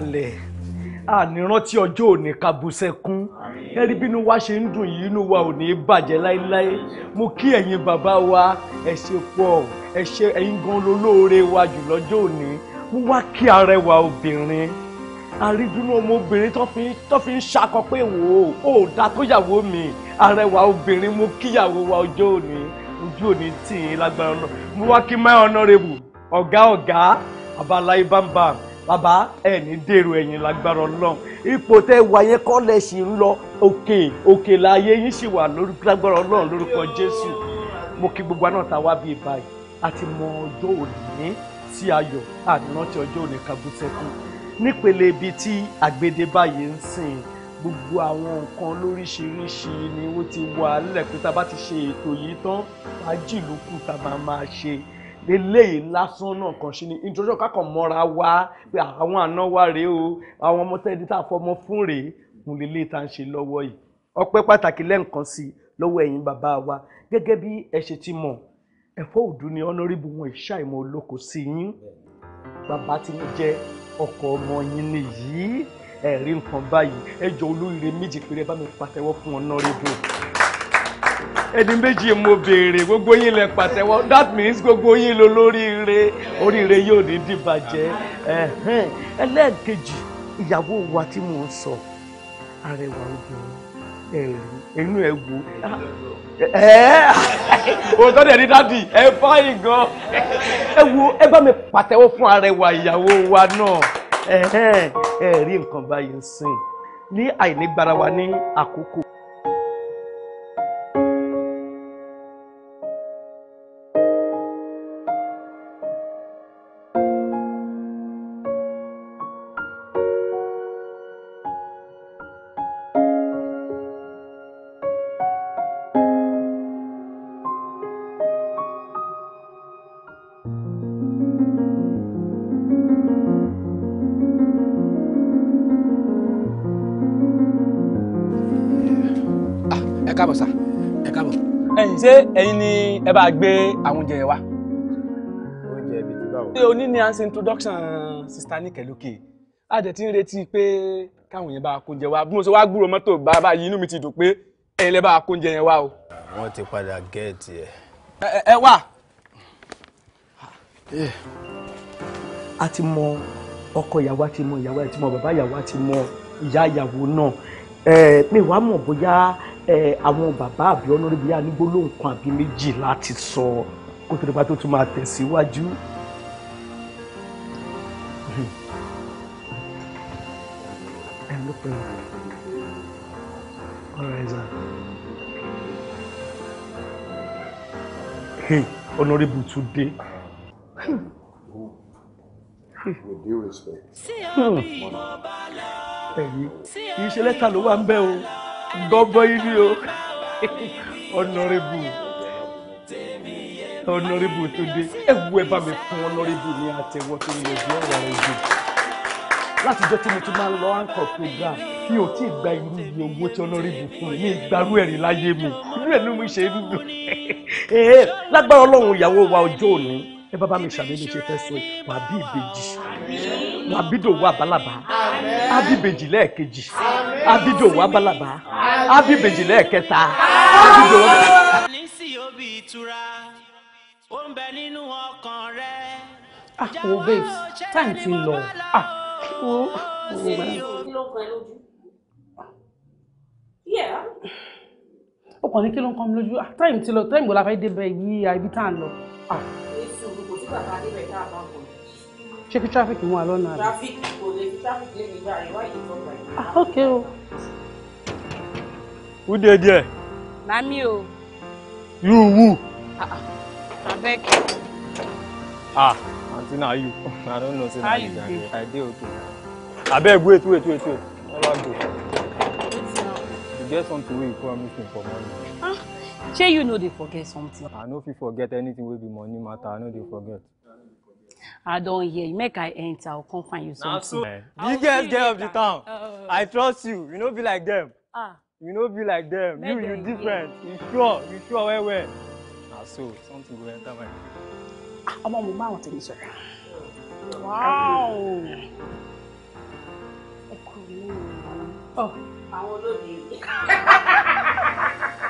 kalẹ̀ ànírántí ọjọ́ òní kabusẹ́kún ẹ̀rí bínú wa ṣe ń dùn yìí inú wa ò ní bàjẹ́ láéláé mo kí ẹ̀yin bàbá wa ẹ ṣe pọ̀ ẹ ṣe ẹ̀yin gan lolóore wa jù lọ́jọ́ òní mo wá kí arẹwà obìnrin àrídùnú ọmọbìnrin tó fi ń ṣakọ pé wò ó ò dá tó yàwó mi arẹwà obìnrin mo kíyàwó wa ọjọ́ òní ojú òní tì í lágbára náà mo wá kí my honourable ọ̀gá ọ̀gá abala ibambam bàbá ẹ ní dèrò ẹ̀yìn lágbára Ọlọ́run ipò tẹ wáyé kọlẹ sì ń lọ òkè òkè láàyè yín sì wà lórí lágbára Ọlọ́run lórúkọ Jésù mo kí gbogbo àná tá a wá bíi báyìí àti mọ ọjọ́ òní sí ayọ̀ àdìrántí ọjọ́ òní kagútẹkù nípele ibi tí àgbèdè báyìí ń sìn gbogbo àwọn nǹkan lóríṣiríṣi ni ó ti wà lẹ́kùn tá a bá ti ṣe ètò yìí tán fàájì ló kù tá a máa máa ṣe eléyìí lásán náà kàn sí ni introduction kákan mọ́ra wá pé àwọn àna wa rèé o àwọn ọmọ tẹ́lẹ̀ tá a fọmọ fún rèé mo lè lè tá à ń ṣe lọ́wọ́ yìí ọpẹ́ pàtàkì lẹ́ǹkan sí i lọ́wọ́ ẹ̀yin bàbá wa gẹ́gẹ́ bí ẹ ṣe ti mọ̀ ẹ̀fọ́ òdu ni ọ̀nàrìbù wọn ìṣàìmọ̀ olóko sí yín bàbá tí mo jẹ́ ọkọ ọmọ yín nìyí ẹ̀rí nǹkan báyìí ẹ jọ olóríire méjì péré bá mi pàtẹ́wọ́ fún ọ̀nàrìbù ẹni méjì mo béèrè gbogbo yín lẹ pàtẹ́wọ́ that means gbogbo yín lo lóríire oríire yóò ní dìbàjẹ́ ẹlẹ́ẹ̀kejì ìyàwó wa tí mò ń sọ arẹwà obìnrin ẹnu ẹ wo òótọ́ dẹ̀ ní dádì ẹ fáyìn gan ẹ wo ẹ bá mi pàtẹ́wọ́ fún arẹwà ìyàwó wa náà ẹ rí nǹkan báyìí ń sìn ní àìnígbára wa ní àkókò. káàbọ̀ sà ẹ káàbọ̀. ẹ̀yin ṣé ẹ̀yin ni ẹ bá gbé àwọn oúnjẹ yẹn wá. oúnjẹ ibi tí báwo. ṣé oní ni à ń ṣe introduction sista níkẹ́ lókè a dẹ̀ ti ń retí pé káwọn yẹn bá kóúnjẹ wá bí mo ṣe wá gbúrò mọ́tò bàbá yìí inú mi ti dùn pé ẹ̀yin lẹ́ bá kóúnjẹ yẹn wá o. wọ́n ti padà gẹ́ẹ̀tì ẹ̀. ẹ wà. Eh. a ti mọ ọkọ ìyàwó àti mọ ìyàwó àti mọ bàbá ìyàwó àti mọ ìyá ìyàwó náà ẹ pé wàá mọ̀ bóyá àwọn bàbá àbí ọlọ́rẹ́bí anígbó ló ń kan àbí méjì láti sọ kó tó nípa tó tún máa tẹ̀síwájú. Hmm, Honorable Tunde. With due respect. Hmm. Ẹ̀yin, kì í ṣe lẹ́tà ló wà ń bẹ́ o gọ́gbọ́n yìí ni o ọ̀nàrẹ́bù ọ̀nàrẹ́bù tó dé ẹ wú ẹ bá mi fún ọ̀nàrẹ́bù ní àtẹ̀wọ́ tó lè bí ọ̀rọ̀ rẹ̀ jù látijọ́ tí mo ti máa ń lọ anchor program mi ò tí ì gba irú iye owó tí ọlọ́rìbù fún mi ìgbàrú ẹ̀rí láyé mi inú ẹ̀ ló mú ṣe é dùn lágbára ọlọ́run ìyàwó wa ọjọ́ òní ẹ bá bá mi ṣàmì ṣe fẹ́ sọ wà bí ìbejì wà bí dòwú àbálàbá á bí ìbejì lẹ́ẹ̀kejì á bí dòwú àbálàbá á bí ìbejì lẹ́ẹ̀kẹta á bí dòwú. ní sí òbí ìtura ó ń bẹ nínú ọkàn rẹ. ah wo babes time ti lọ ah wo wo bá. ó kàn ní kí ló ń kọ́ mi lójú ah time ti lọ time wo la fẹ́ dé bẹ́ẹ̀ yí ibi tá à ń lọ ah sí òkú kò sí bàbá adébẹ̀ tá a bá kọ̀. ṣé kí tráfíkì mú wa lọ́nà rẹ̀. tráfíkì kò lè fi tráfíkì lè nígbà rẹ̀ wáyé ìjọba yìí. Ah, ok o. wú díẹ̀ díẹ̀. màmí o. yóò wù. Ah, ah. abeg. ah aunty na you i don't know say na you dey i dey okay. abeg wait wait wait wait never go. you get something wey you promise me for morning. Ah shey you no dey forget something. i no fit forget anything wey be money matter i no dey forget. i don hear make i enter i come find you something. na so get girl of the town uh, i trust you you no be like dem. Ah. you no be like dem you you different you sure you sure well well. na so something go enter my head. ọmọ ah, mo máa wọn tẹ̀lé sọ̀rọ̀. wow. Oh. kò ní ìwọ̀n. àwọn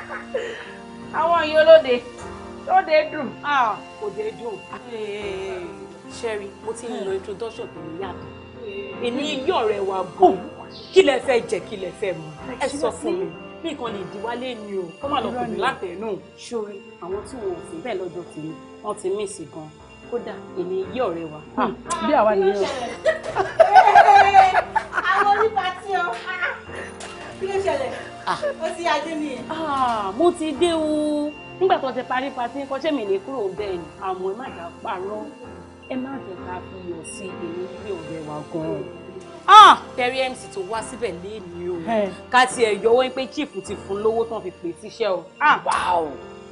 àwọn yìí olóde lóde dùn òde dùn. sherry eh, mo ti ń lo introduction tó ní yàtọ̀ èmi yí ọ̀rẹ́ wa bò oh. kí lẹ fẹ́ jẹ kí lẹ fẹ́ mu ẹ sọ fún mi bí nǹkan lè diwálé ni o kó má lọ kùnú látẹ̀ẹ́nù ṣórí àwọn tí wọn ò fún bẹ́ẹ̀ lọ́jọ́ kìíní wọ́n ti mí sí gan kódà èmi yí ọ̀rẹ́ wa. Hmm. Ah. bí àwa nìyẹn o. àwọn onípa tí ọ kí ló ṣẹlẹ̀. Ah. ó ti adé ah, nìyẹn. mo ti dé o nígbà tó ti parí patí kọ́ṣẹ́ mi ní kúrò bẹ́ẹ̀ ni àmọ́ ẹ má dà parọ́ ẹ má jẹ́ ká fi iyọ̀ sí èmi ní ọ̀rẹ́ wa gan-an. Ah, Terry MC tó wá síbẹ̀ léèmí o ká tiẹ̀ yọwọ́ pé chief ti fún lówó tán fi pè síṣẹ́ o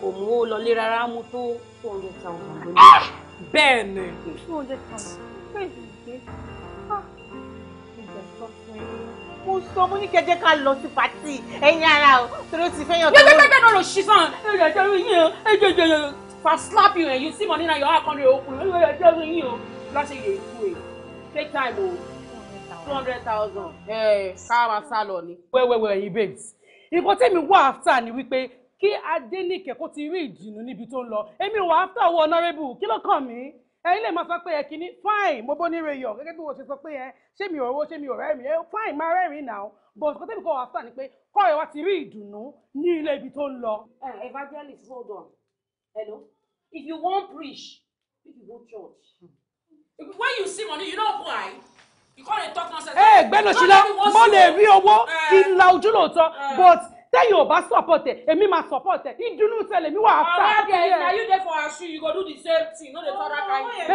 kò mú ó lọlé rárá mú tó four hundred thousand lónìí. two hundred thousand mo sọ mo ní kẹjẹ ká lọ sí pàtì ẹ̀yin ara o torí o ti fẹ́ yàn tó. yẹ́n gbẹ́gbẹ́ náà lọ sí sàn ẹ̀jẹ̀ jẹ́rú yín o ẹ̀jẹ̀ jẹ́rú fa slap you and you see money na your heart come dey open ẹ̀jẹ̀ jẹ́rú yín o láti yẹ ikú ẹ̀ take time o two hundred thousand ká máa sá lọ ni. wẹ́wẹ́wẹ́ ẹ̀yin babes ìbọn tẹ́mi wá after ni wípé kí Adéníkẹ́ kó ti rí ìdùnnú níbi tó ń lọ èmi wà after owó honourable kí ló kàn mí ẹ̀yin lè máa sọ pé ẹ kìíní fine mo bó ní reyọ gẹ́gẹ́ bí wọ́n ṣe sọ pé ẹ ṣé mi ò rówó ṣé mi ò rẹ́rìn ẹ fine máa rẹ́rìn náà but kò tẹ́bi kọ́ wà fún ànípé kọ́ ẹ wá ti rí ìdùnnú ní ilé ibi tó ń lọ. evangelist hold on hello if you wan preach make you go church when you see money you know why you come dey talk nonsense. ẹ gbẹ́nu ṣílá mo lè rí owó kí n la ojú lóòótọ́ but tẹ́yìn ò bá support ẹ̀ èmi máa support ẹ̀ ìdùnnú tẹ̀lé mi wà á fà. ọ̀rẹ́ dẹ̀ na you dey for our shoe you go do the same thing no dey talk that kind thing.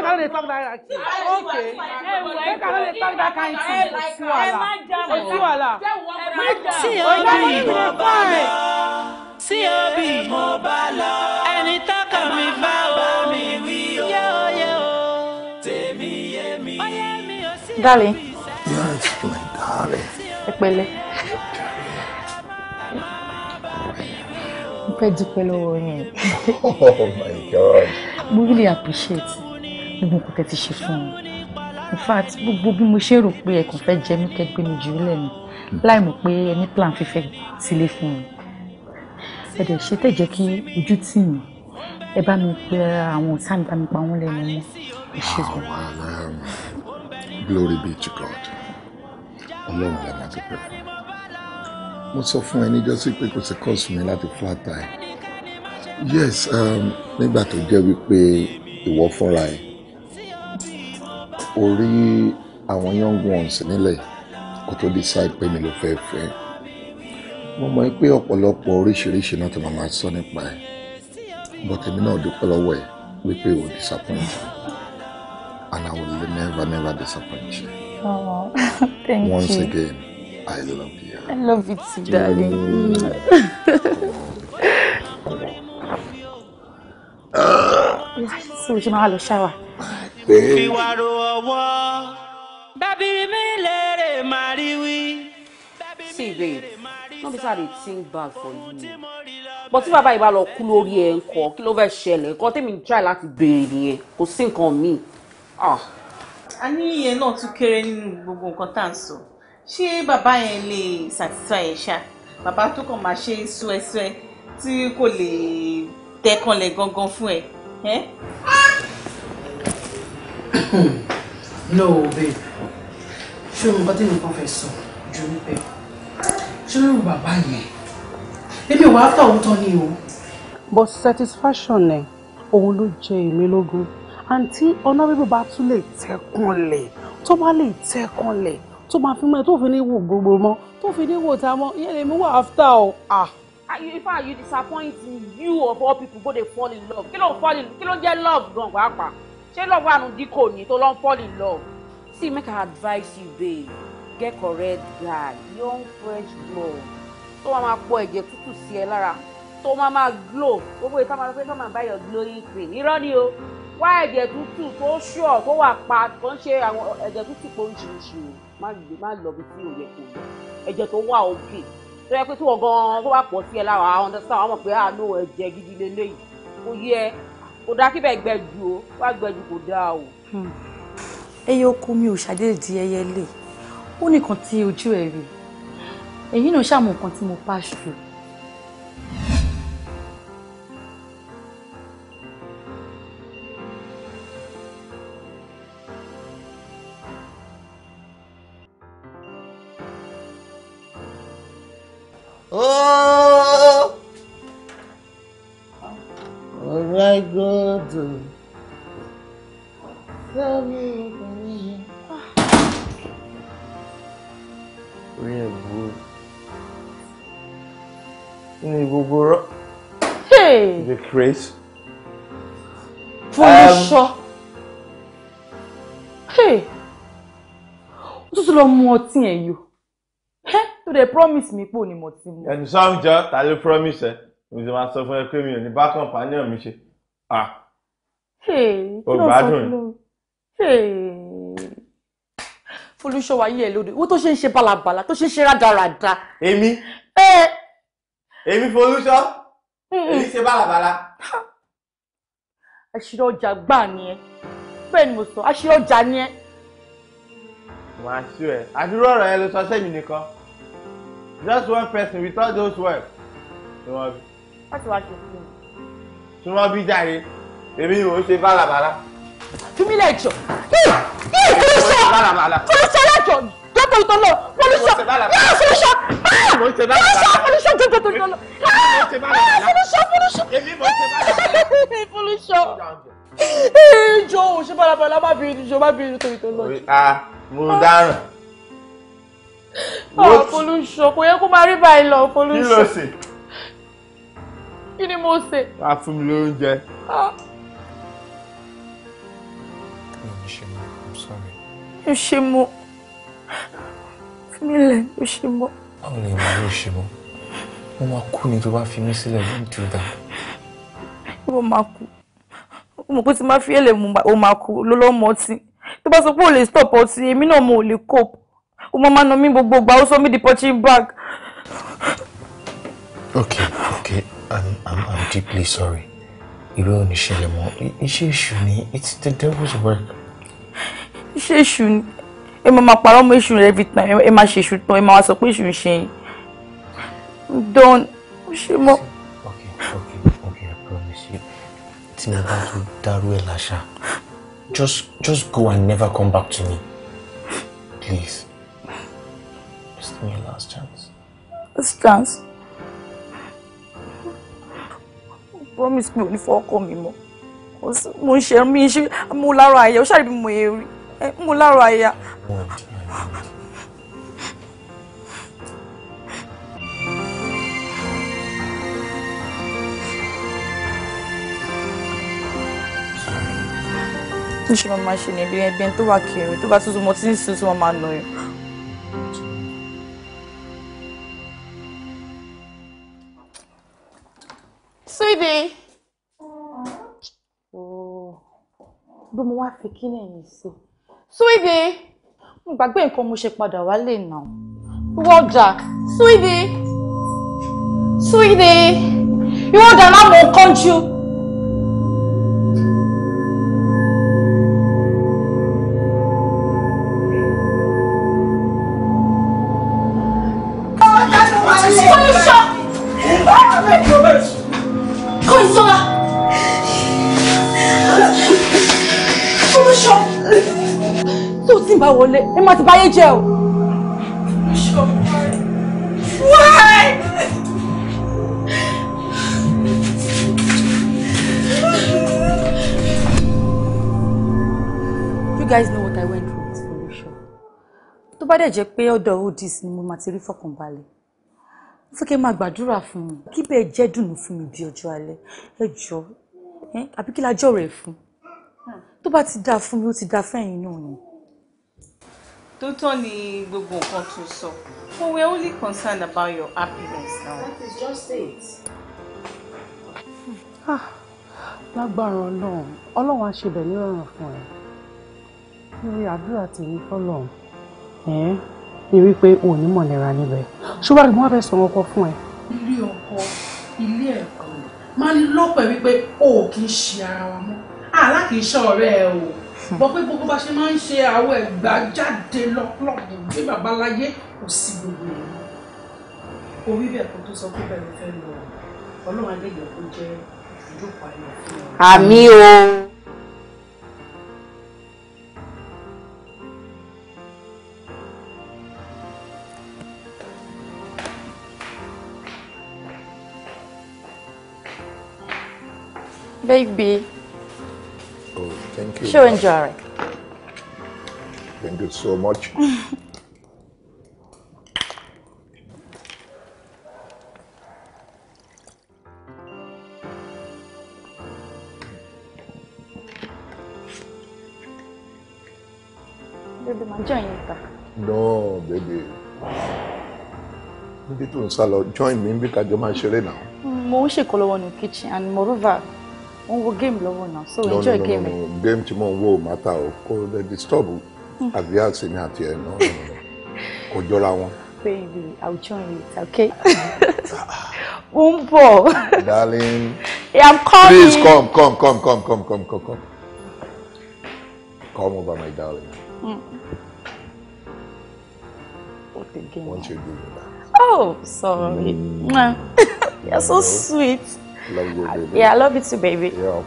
make I no dey talk that kind thing okay make I no dey talk that kind thing osu ala osu ala oyi mo bá rẹ̀ tí òbí mo bá lọ ẹni tọ́kọ mi bá mi wí o tèmi yé mi. darling. yes my darling. ẹ pẹ̀lẹ́. fẹ́ dúpẹ́ lọ́wọ́ yín. oh my god. mo really appreciate gbogbo nǹkan tẹ́ ti ṣe fún mi in fact gbogbo bí mo ṣe rò pé ẹ kàn fẹ́ jẹ mí kẹ́ gbé mi jù ú lẹ́nu láì mọ̀ pé ẹ ní plan fífẹ́ sílé fún mi ẹ ṣe tẹ̀jẹ́ kí ojú tì mí ẹ bá mi pe àwọn ọ̀tá mi bá mi pa wọ́n lẹ́nu mọ́ ẹ ṣe gan. glory be to God ọlọ́run lẹ́nu ti pẹ́ fún mi mo sọ fún ẹ níjọ́ sí pé kò sí kọ́ọ̀sì mi láti fún ata ẹ yes um, nígbà tó jẹ́ wípé ìwọ fúnra ẹ o àwọn young ones nílẹ̀ kó tó decide pé mi ló fẹ́ fẹ́ mo mọ̀ pé ọ̀pọ̀lọpọ̀ oríṣiríṣi náà tó máa máa sọ nípa ẹ but èmi náà dúpẹ́ lọ́wọ́ ẹ wípé o disappoint and I will never never disappoint you. Oh, thank Once you. Once again, I love you. I love you too, darling. so, you know, I'll shower. See, babe, no beside it, it's sing bad for you. But if I buy lọ kú lórí ẹ̀ ńkọ́, kí ló fẹ́ ṣẹlẹ̀? Nǹkan tèmi ń try láti béèrè nìyẹn, kò sí nǹkan míì. Ah. A ní iye náà tún kéré nínú gbogbo nǹkan tá à ń sọ ṣé bàbá yẹn lè satisfy ẹ̀ ṣá bàbá tó kàn máa ṣe súẹ́súẹ́ tí kò lè tẹ́kànlẹ̀ gangan fún ẹ. no babe ṣé o nǹkan tí nǹkan fẹ́ sọ ju níbẹ̀ ṣé o bàbá yẹn èmi wàá fà òótọ́ ni o. but satisfaction ẹ òun ló jẹ èmi lógún àǹtí honorable bá tún lè tẹ́kànlẹ̀ tó bá lè tẹ́kànlẹ̀ tó máa fi mọ́ ẹ tó fi ní wò gbogbo mọ́ tó fi ní wò tá mọ́ ìyẹn lèmi wà áfítà o. Ah. in fact you disappoint you of all people go dey fall in love kí ló ń fall in kí ló ń jẹ́ love gan pàápàá ṣé love wà nù díkò ní tó lọ ń fall in love. see make i advise you babe get correct guy young fresh blood tó máa máa pọ ẹ̀jẹ̀ tútù sí ẹ lára tó máa máa glow gbogbo ìta máa fẹ́ máa bá yọ glowing cream irọ́ ni o wá ẹ̀jẹ̀ tútù tó ṣùọ̀ tó wà pa tó ń ṣe àwọn ẹ̀jẹ̀ tútù pé oríṣiríṣi o má gbé má lọ bí tí ò yẹ kó lọ ẹ̀jẹ̀ tó wà òkè tó yẹ pé tí wọ́n gan tó bá pọ̀ sí ẹ lára àwọn ọ̀dọ́sán àwọn mọ̀ pé àánú ah, ẹ̀jẹ̀ gidi lélẹ́yìí kò yẹ kò dá kíbẹ̀ gbẹ ju o wá gbẹ ju kò dáa o. Hmm. ẹyẹ oko mi ò ṣàdédé di ẹyẹ lè ó nìkan tí ojú ẹ rí èyí náà ṣàmù nǹkan tí mo pass through praise. sure. Um, hey, tún tún lọ mu ọtí ẹ̀ yó. Tó dẹ̀ promise mi pé ò ní mọ̀ tí mo. Ẹnu sáwọn jọ ta ló promise ẹ? Mo ti máa sọ fún ẹ pé mi ò ní bá Hey. mi ṣe. O gbádùn ẹ̀. Folúṣọ́ wa yí ẹ̀ lóde. Owó tó ṣe ń ṣe bálabàla tó ṣe ń ṣe rádaràda. Èmi. Èmi Folúṣọ́ èyí ṣe bálabàla. àṣírí ọjà gbà ni ẹ bẹ́ẹ̀ ni mo sọ àṣírí ọjà ni ẹ. màá ṣú ẹ àdúrà ọ̀rọ̀ yẹn ló sọ sẹ́mi nìkan just one person with all those words ni wọ́n bí. wọ́n ti wá ṣe fún mi. tí wọ́n bí jáde èmi ò ṣe bálabàla. fúnmi lẹ́jọ́ kí ló sọ kí ló sọ lẹ́jọ́ ni torí tó lọ pollution yóò pollution pollution pollution tó torí tó lọ pollution pollution pollution ìjọ òṣè balabala má bí ìjọ má bí ìjọ torí tó lọ. mo ah. dáràn. pollution ah, kò yẹ kó máa rí báyìí lọ pollution. kí ló ṣe. kí ni mo ṣe. wàá fún mi lóúnjẹ. Ah. ẹ ṣe mo fi mí lẹ̀ ló ṣe mọ́. báwo ni ìwà yóò ṣe mọ́ mo máa kú ni tó bá fi mí sílẹ̀ ló ń tu dà. ìwọ máa kú ó mọ̀ pé tí máa fi ẹ̀lẹ̀ ó máa kú ló lọ́ mọ́ ọtí tó bá sọ pé ò lè stop ọtí èmi náà mo ò lè cope ó máa máa nà mí gbogbo ìgbà ó sọ mí di punching bag. okay okay i'm i'm i'm deeply sorry irú ò ní ṣẹlẹ̀ mọ́ iṣẹ́ èṣù ni it's the devil's work. iṣẹ́ èṣù ni ẹ máa máa parọ́ mọ́ èṣù every time ẹ máa ṣe èṣù tán ẹ máa wá sọ pé èṣù ń ṣe yín don ṣe mọ́. okay okay okay i promise you tí mo bá tún dárú ẹ láṣà just just go and never come back to me please just give me a last chance. last chance. promise mi ò ní fọ́ ọkọ mi mọ́ mo ń ṣe mi ń ṣe mo lára àyẹ̀wò ṣáà ibi mo yẹ rí mú lára àyà. níṣẹ́ ló máa ṣe ní ibi ẹgbẹ́ tó wà kiri tó bá tuntun mo ti ń sùn tí máa nà yàn. Sweetie. Oh. Bí mo wá fi kí lẹ́yìn sí Sweetie, mo gbàgbé nǹkan mo ṣe padà wálé náà. Wọ́dà, Sweetie, Sweetie, you want ìwọ́dà láwọn kánjú. wọlé ẹ má ti báyé jẹ́ o. You guys know what I went through with Felicia. Tó bá dẹ̀ jẹ́ pé ọ̀dọ̀ Odis ni mo máa ti rí fọkànbalẹ̀ fún kí n máa gbàdúrà fún mi kí bẹ́ẹ̀ jẹ́ dùnú fún mi bí ọjọ́ alẹ́ ẹ jọ àbí kí la jọ̀rọ̀ ẹ̀ fún tó bá ti dáa fún mi ó ti dáa fẹ́yìn náà ni tó tán ni gbogbo nǹkan tó sọ but we are only concerned about your happiness now. that is just it. Ah, lágbára ọlọ́run ọlọ́run á ṣe bẹ̀ ní ọ̀ràn fún ẹ lórí àdúrà tèmi fọlọ́run ẹ rí i pé o ò ní mọ̀lẹ́ra níbẹ̀ ṣùgbọ́n àgbọ̀n abẹ́ sọ̀rọ̀ ọkọ fún ẹ. ilé ọkọ ilé ẹ̀kọ́ máa ń lọ́pọ̀ wípé o kì í ṣe ara wa mọ́ àlá kì í ṣe ọ̀rẹ́ ẹ o. Hmm. bọ́ pé gbogbo bá ṣe máa ń ṣe àwọn ẹ̀gbá jáde lọ́pọ̀lọpọ̀ bí bàbá kò sí gbogbo ẹ̀ orí bẹ́ẹ̀ kó tó sọ pé bẹ́ẹ̀ ló lọ ọlọ́run adéyẹ̀ kó jẹ́ ìjókòó ayọ̀ fún àmì o. Baby you. Sure, enjoy. Thank you so much. baby, join you back. No, baby. Níbi tó ń sá join me because you're my ṣeré náà. Mo ń ṣèkó lọ́wọ́ ní kitchen and moreover, ń wo game lọ́wọ́ náà so no, enjoy no, no, game. No, no. game tí mò ń wo màtà o kò lè disturb àbí àti mi àti ẹ̀ náà kò jọra wọn. baby i will join you it's okay. ó ń bọ̀. darling. Yeah, i'm coming. please come come come come come come come come come over my darling. Mm. Once you do that. Oh, sorry. Mm. You're so sweet. Love you, baby. Yeah, I love you too, baby. Yeah.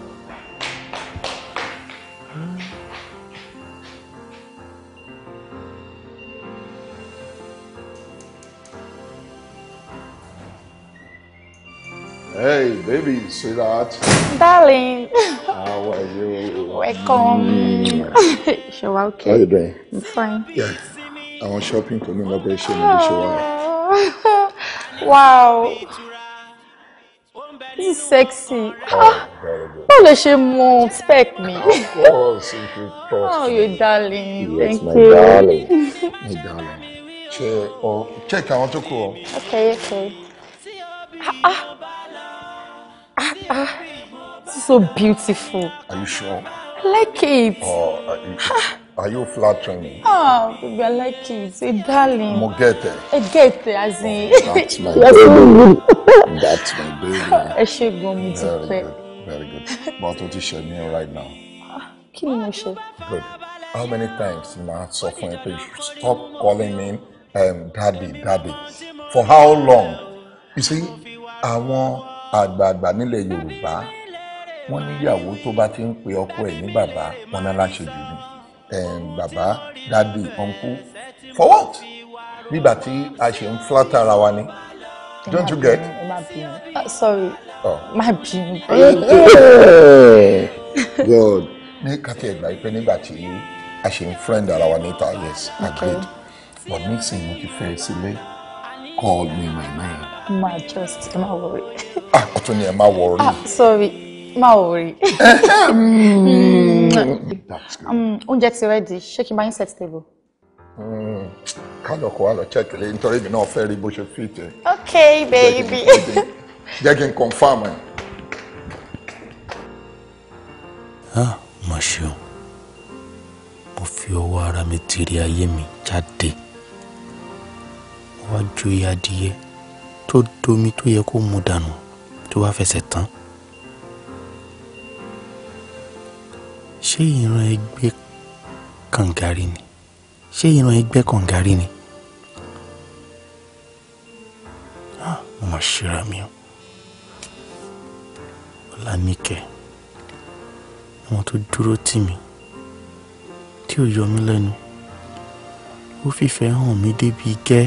Hey, baby, sweetheart. Darling. How are you? Welcome. Show wà okay? How are you doing? I'm fine. Yeah. I Àwọn shopping for me lọ́bẹ̀ ṣe ní ṣe Wow. This is sexy. Oh, ah, báwo lè ṣe mọ spec mi? Of course, you oh, me. Oh, you darling. Yes, Thank my you. darling. my darling. Ṣé o oh, check àwọn tó kù ọ? Okay, okay. Ah, ah, ah. Ah, This is so beautiful. Are you sure? I like it. Oh, are you, ah. are you flattering me? Oh, baby, I like it. Say, darling. Mo get it. I get it, as in. Oh, that's my that's my baby. ẹ ṣe gan mo ti fẹ́. very good bá a tó ti ṣe mí right now. kí ni mo ṣe. good how many times na sọ fún ẹ pé stop calling me um, daddy daddy for how long you see àwọn àgbààgbà nílẹ̀ Yorùbá wọ́n níyàwó tó bá ti ń pe ọkọ ẹ̀ ní bàbá wọn náà láṣejù ni um, bàbá dádì ọ̀nkú for what nígbà tí a ṣe ń flatter ara wa ni don't you get. Uh, sorry oh. my bínú. good ní kàtí ẹgbà yìí pé nígbà tí a ṣe ń friend ara wa níta yes agreed but mixing with ti fẹ́ sílé call me my man. My just ẹ má worry. ah ọtún ni ẹ má worry. ah sorry má worry. Mm. Um, oúnjẹ ti rẹ́dí ṣé kí n bá yín set table. Mm. kálọ̀ kó wá lọ check lé nítorí èmi náà fẹ́ rí bó ṣe fit ok baby. jẹ́ kí n confam ah mà ṣeun mo fi ọwọ́ ara mi tiri ayé mi jáde wá joyè adìyẹ tó domi tó yẹ kó mu dànù tó bá fẹsẹ̀ tán. ṣé ìran ẹgbẹ́ kàǹgárí ni ṣé ìran ẹgbẹ́ kàngarí ni ah, mo mà ṣera mi o ọlánìkẹ́ àwọn tó dúró tì mí tí ò yọ mí lẹ́nu ó fìfẹ́ hàn mí débi gẹ́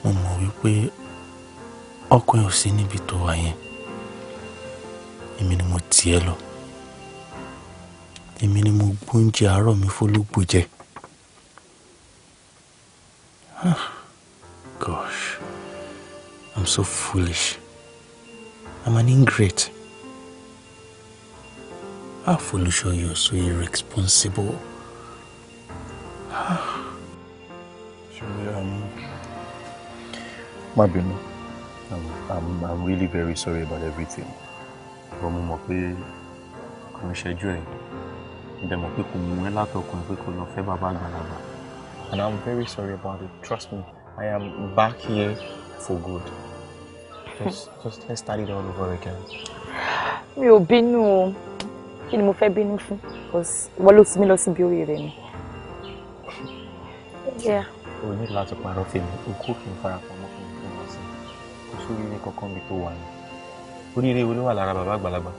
mo mọ̀ wípé ọkùnrin ò sí níbi tó wà yẹn èmi ni mo tiẹ̀ lọ èmi ni mo gbé àárọ̀ mi fólógbò jẹ. Ah, gosh, I'm so foolish. I'm an ingrate. How foolish are you so irresponsible? Ah. Surely, um, My bínú, I'm, I'm, I'm really very sorry about everything. But mo mọ̀ pé kò ń ṣẹ́jú ìdẹ̀mọ̀ pé kò mú ẹ látọkùnrin pé kò lọ fẹ́ bàbá àgbàlagbà. And I'm very sorry about it. Trust me, I am back here for good. Just, just let's start it all over again. Mi ò bínú o. Kí ni mo fẹ́ bínú fún? Because wọ́n ló ti mí lọ síbi orí rẹ̀ ni. O ní láti parọ́ fèmí. O kò kí n fara pamọ́ fún mi fún wa sí. Kò sórí ní kankan bí tó wà ní. Oríire wo ló bàbá àgbàlagbà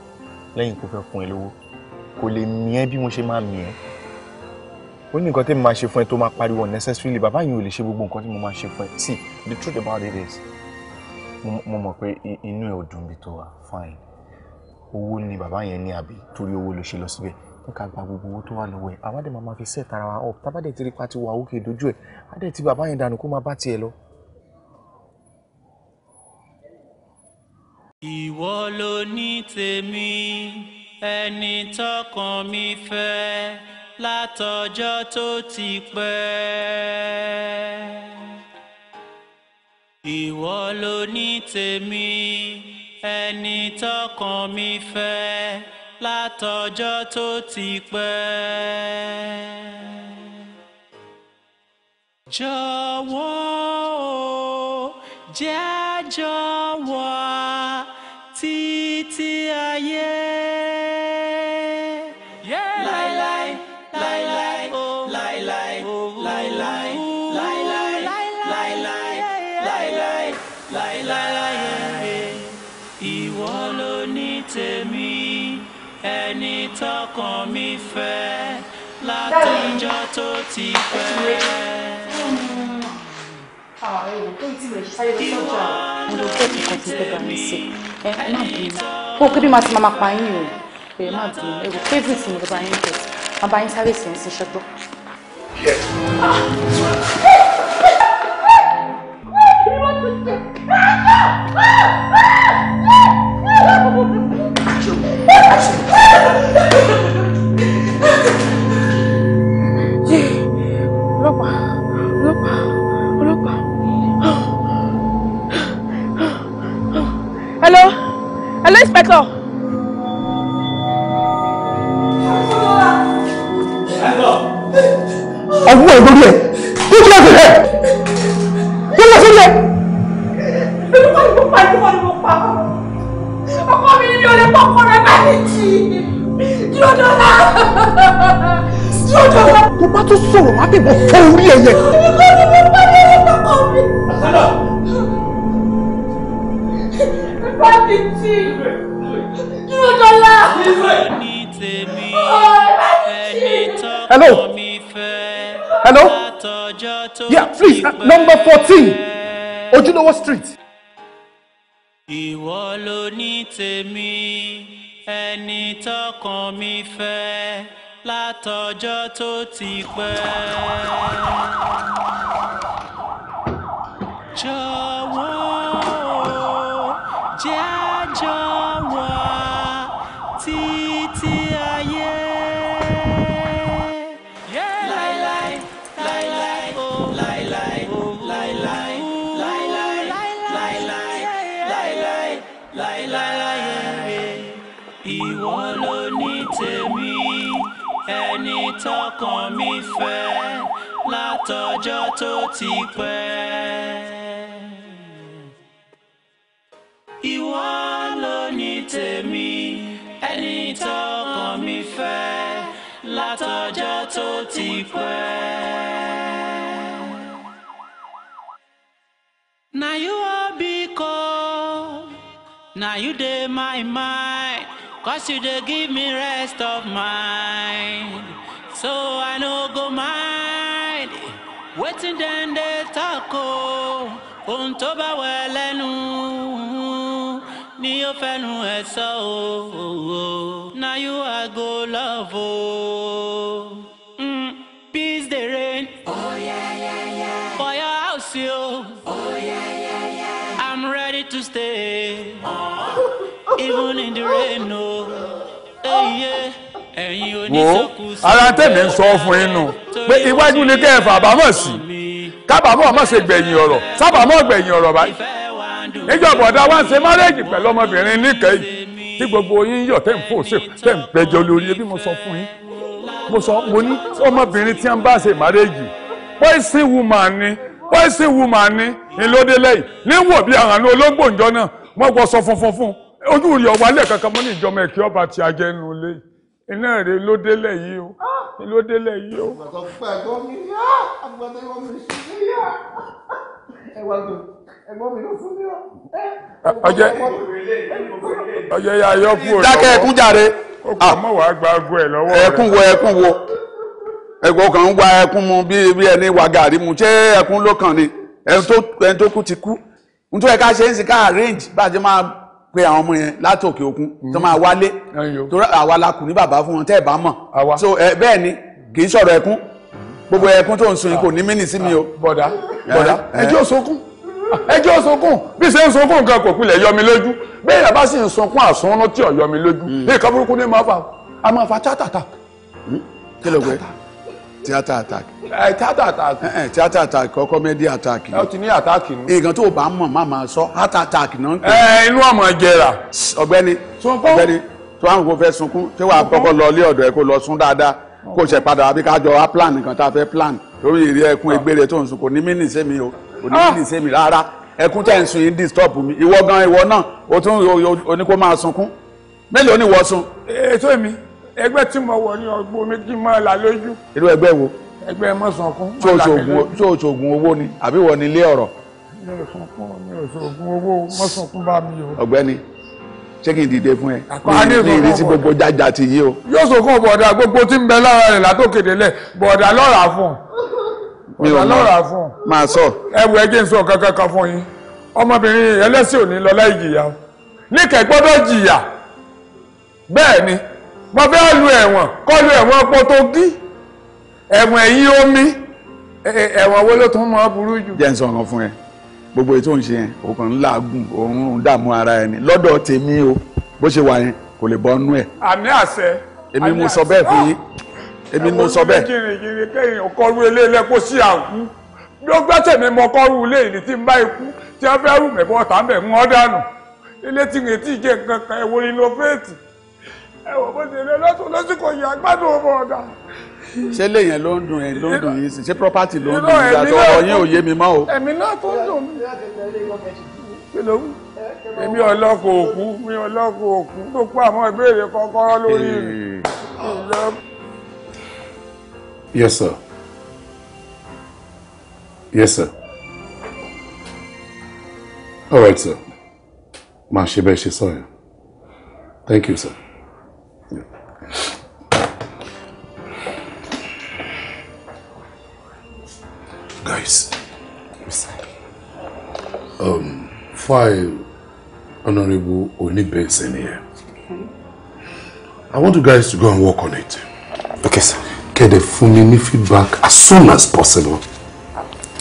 lẹ́yìn kó fẹ́ fún ẹ lówó? kò lè mí bí mo ṣe máa mí ó ní nǹkan tí mo máa ṣe fún ẹ tó máa pariwo unnecessarily bàbá yìí ò lè ṣe gbogbo nǹkan tí mo máa ṣe fún ẹ see the truth about it is mo mọ̀ pé inú ẹ̀ ò dùn bí tó wà fine owó ni bàbá yẹn ní àbí torí owó ló ṣe lọ síbẹ̀ ní ká gba gbogbo owó tó wà lọ́wọ́ ẹ̀ àwádé máa ma fi set ara wa up tábàdé ti rí pati wà òkè dojú ẹ̀ adé ti bàbá yẹn dànù kó máa bá tiẹ̀ lọ. ìwọ ló ní tèmi ẹni tọkàn mi fẹ́ látọjọ́ tó ti pẹ́. ìwọ ló ní tèmi ẹni tọkàn mi fẹ́ látọjọ́ tó ti pẹ́. jọ̀wọ́ jẹ́. ti pẹ́. mo fẹ́ nǹkan tí bẹ́ẹ̀ bá mi ṣe ẹ má bínú kó kébí máa ti máa pa yín o ẹ má bínú ẹ wò favourite ni bàbá yín jẹ máa bá yín sáré sí ẹ sí ṣẹgbọ́n. Achoo! Achoo! inspector. ọdún náà lórí ẹ kí ló dé rẹ kí ló dé rẹ. èmi kọ́ ni mo pa èmi kọ́ ni mo pa ọkọ mi ni mi ò lè pọ̀ kọ́ rẹ báyìí jì yóò dọ́là yóò dọ́là. tó bá tún sọ̀rọ̀ má bẹ̀ bọ̀ fún orí ẹ̀yẹ. èmi kọ́ ni mo pa ní ọkọ mi. Hello. Hello. yeah please uh, number fourteen ojúlówó street. ìwọ ló ní tèmi ẹni tọ́kàn mi fẹ́ látọjọ́ tó ti pẹ́. jọ̀wọ́ jẹ́ àjọ wà títí ayé. láíláí láíláí láíláí láíláí láíláí láíláí láíláí láíláí ìwọ ló ní tèmi ẹni tọkàn mi fẹ́ látọjọ́ tó ti pẹ́ ìwọ ló ní tèmi ẹni tọkàn mi fẹ́ látọjọ́ tó ti pẹ́. na you biko na you dey my mind cause you dey give me rest of mind so i no go mind wetin dem dey talk o ohun tó bá wẹ̀ lẹ́nu ni ó fẹ́nu ẹ̀ sọ o na you I go mm, peace dey reign oh, yeah, yeah, yeah. for your house o. Oh, yeah, yeah, yeah. I'm ready to stay even in the rain o. Hey, eh, yeah wo ara tẹ̀mí ń sọ fún inú pé iwájú ni kẹ́ ẹ fà bámọ̀ sí kábàámọ̀ má ṣe gbẹ̀yìn ọ̀rọ̀ sábàámọ̀ gbẹ̀yìn ọ̀rọ̀ báyìí níjọ́ bọ̀dá wa ń ṣe márẹ́jì pẹ̀lú ọmọbìnrin níkẹyì tí gbogbo yín yọ̀ tẹ́ ń fò ṣe tẹ́ ń gbẹjọ lórí ebi mo sọ fún yín mo sọ mo ní ọmọbìnrin tí wọ́n bá ṣe márẹ́jì poison woman ni poison woman ni ìlódé lẹ́yìn níwọ̀ bí àrùn olóńgbò ìjọ náà wọ́n gbọ́ sọ funfun fún ojú rí ọwọ́ alẹ́ kankan mọ́ ní ìjọba ẹ̀kí ọba ti ajẹ́nu lé iná rẹ̀ ló yìí o ló yìí o. àgbàdo pẹ̀lú mi ah! ọjọ́ ọjọ́ yà yọ kú òlọ́wọ́ dákẹ́ ẹkún jàre ah. ọmọ wa gba ago ẹ lọ́wọ́ rẹ ẹkún wo ẹkún wo ẹ̀gbọ́n kan ń wa ẹkún mu bí bí ẹni wa gàrí mu ṣé ẹkún ló kàn ni ẹni tó kú ti kú nítorí ẹ̀ka ṣe ń sìn ká arrange bá a ṣe máa pe àwọn ọmọ yẹn láti òkè òkun tó máa wálé torí àwa la kù ní bàbá fún wọn tẹ́ ẹ̀ bá mọ̀ so bẹ́ẹ̀ ni kì í sọ̀rọ̀ ẹkún gbogbo ẹkún tó ń sun kò ní mí nì sí mi o. bọ̀dá bọ̀dá ẹjọ́ sọkún ẹjọ́ sunkún bí ṣe ń sunkún nǹkan kò pilẹ̀ yọmi lójú bẹ́ẹ̀ yàrá sì ń sunkún àsunrun tí ò yọmi lójú nǹkan burúkú ní máa fà á máa fà tíátà tà. kí ló gbé tíátà attack. ẹ tíátà attack. ẹ eh, eh, tíátà attack kọ comedy attack. ẹ ti ní attack ni. nǹkan tó o bá mọ̀ má máa sọ heart attack náà ẹ inú ọmọ jẹrà. ọ̀gbẹ́ni ọ̀gbẹ́ni tó àwọn kò fẹ́ sunkún tí wàá kọ́kọ́ lọ ilé ọ̀dọ̀ ẹ kó lọ sún dáadáa kó o oh. ṣe padà àbí ká jọ wá plan nǹkan tá a fẹ́ plan lórí ìrí ẹkún ah. egbére tó ń sunkún ní mí o onídìí ah! sẹ́mi rárá ẹkún tẹ̀ ń sun yìí disturb mi ìwọ gan ìwọ náà o tún oníkó máa sunkún mélòó ni ìwọ sun. ètò mi ẹgbẹ́ tí mo wọ̀ ní ọgbọ́n mi kí n máa là lójú. irú ẹgbẹ́ wo. ẹgbẹ́ mọ̀ sunkún. tí o ṣoògùn owó ni àbí wọ ni ilé ọ̀rọ̀. mi ò sunkún mi ò ṣoògùn owó mọ̀ sunkún bá mi o. ọ̀gbẹ́ni ṣé kí n dìde fún ẹ ní ìrísí gbogbo jájà ti yí o. yóò sọkún bọ̀dà gbogbo tí ń bẹ lára mi ò mọ̀ máa sọ. ẹwù ẹ jẹ́ n sọ kankan kan fún yín ọmọbìnrin ẹlẹ́sìn ò ní lọ láì jìyà níkẹ́ gbọ́dọ̀ jìyà bẹ́ẹ̀ ni mo fẹ́ lu ẹ̀wọ̀n kọ́ lu ẹ̀wọ̀n pọ́tọ́gí ẹ̀wọ̀n ẹ̀yìn omi ẹ̀wọ̀n wo ló tún mọ́ burú jù. jẹ́ n sọ ọ̀ràn fún ẹ gbogbo ètò ìṣe yẹn òkàn ńlá gùn òun dààmú ara ẹni lọ́dọ̀ tèmi o bó ṣe wà yẹn kò lè bọ́ nú ẹ̀. àmì àṣẹ. èmi mo sọ bẹ́ẹ̀ fún ah! yín èmi ni mo sọ bẹ́ẹ̀. àwọn jìnrìnjìnrìn kẹ́yìn ọkọ̀rú ilé ilé kó sí àkú lọ́gbà tèmi mọ ọkọ̀rú ilé ìlú tí ń bá ikú tí wọ́n fẹ́ rù mẹ́fọ́ ọ̀tá mẹ́ ń ọ́ dànù ilé tí ìrètí ìjẹ́ nǹkan kan ẹ̀wọ̀ innovate ẹ̀wọ̀ bó ṣe lé lọ́sùn lọ́sìkò yìí àgbàdo ọmọ ọ̀dà. ṣé lèyẹn ló ń dùn ẹ ló ń dùn yín sí ṣé property ló ń dùn yín àti èmi ọlọ́kọ̀ mi ọlọ́kọ̀ tó kú àwọn ìbéèrè kọ́kọ́rọ́ lórí rẹ̀. Yes, sir. Yes, sir. All right, sir. Máa ṣe bẹ́ẹ̀ ṣe Thank you, sir. Guys, um, file Honorable Oni Benson here. I want you guys to go and work on it. Get the full mini feedback as soon as possible.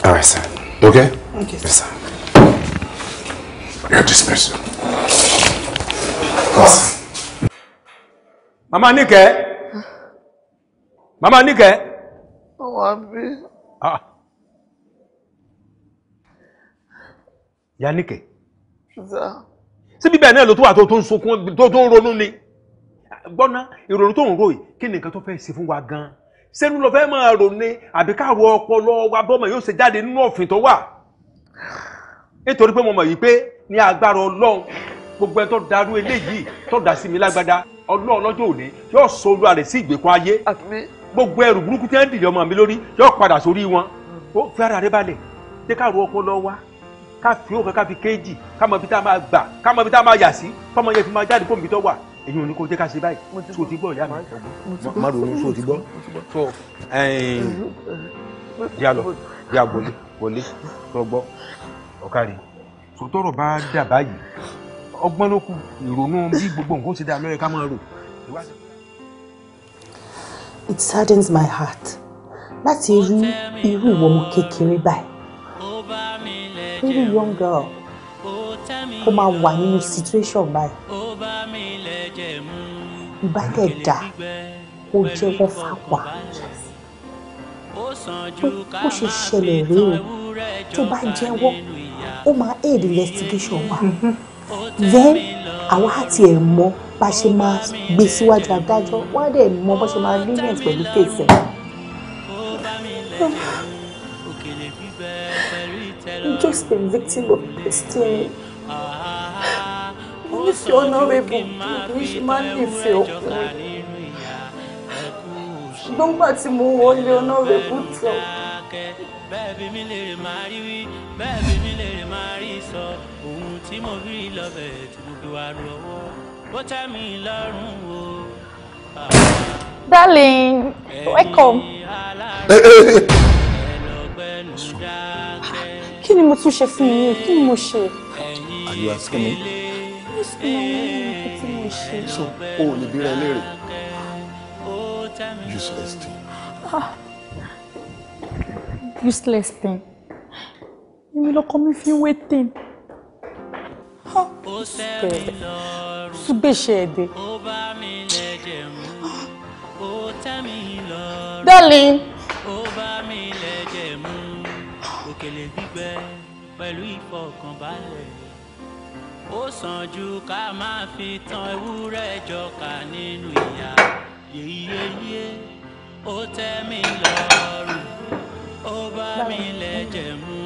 all right sir. okay. okay sir. yes sir. you're dismissed. Yes. mama níkẹ́ mama níkẹ́. wà á bí. ya níkẹ́. síbi bẹ́ẹ̀ náà ló tó wà tó tó ń sunkún tó tó ń ronú ni gbọ́ná ìrònú tó ń ròyìn kí ni nǹkan tó fẹ́ ṣe wa gan sẹ́nu lọ fẹ́ máa rò ní àbí káàrò ọpọlọ wa bọ́mọ yóò ṣe jáde nínú ọ̀fìn tó wà nítorí pé mo mọ̀ yìí pé ní agbára ọlọ́run gbogbo ẹ tó darú eléyìí tó dà sí mi lágbádá ọlọ́run lọ́jọ́ òní yóò sọ olúwa rẹ̀ sí ìgbèkùn ayé gbogbo ẹrù burúkú tí wọ́n ń dìde ọmọ mi lórí yóò padà sórí wọn ó fi ara rẹ̀ balẹ̀ ṣé káàrò ọpọlọ wa ká fi òkè ká fi kéèjì ká mọ ibi tá a máa gbà ká mọ ibi tá a máa yà sí kọ́mọ yẹn fi máa jáde fóun ibi tó wà èyí ò ní kó jẹ́ ká ṣe báyìí tó ti gbọ́ ìyá mi má ronú tó ti gbọ́ tó yà lọ yà wọlé wọlé tó gbọ́ ọ̀kàrí sòtọ́rọ̀ bá dà báyìí ọgbọ́n ló kù ìrònú bí gbogbo nǹkan ṣe dá lọ́yẹ ká máa rò. it saddens my heart láti rí irú ìwọ́mọ kékeré báyìí very young girl kó máa wà nínú situation báyìí ìbádẹ́ẹ̀dá kó jẹ́wọ́ fáwa pé bó ṣe ṣẹlẹ̀ rèé o tó bá jẹ́wọ́ ó máa aid investigation wa then àwa àti ẹ̀ mọ bá ṣe máa gbé síwájú adájọ́ wọ́n á dẹ̀ mọ ṣe máa rí pẹ̀lú kéèsì just a victim of destiny. Mo nífẹ̀ẹ́ honourable bí ṣe máa ń nífẹ̀ẹ́ ọkùnrin. Nígbà tí mo wọlé honourable jọ. Bẹ́ẹ̀bi mi lè rè máa rí wí, bẹ́ẹ̀bi mi lè rè máa rí sọ, ohun tí mo rí lọ́bẹ̀ tí mo fi wá lu ah. Darling, welcome. mo tún ṣe fún yín kí mo ṣe. Are you asking me? so o ò lè bí rẹ useless thing. Ah. useless thing èmi lọkọ mi fi ń waiting bẹ̀rẹ̀ ah, súgbèsè ẹ̀dẹ̀. Ah, darling pẹ̀lú ìfọkànbalẹ̀ ó sàn ju ká máa fi tan ewúrẹ́ jọkà nínú ìyà yeyeye ó tẹ́ mi lọ́rùn ó bá mi lẹ́jẹ̀ mu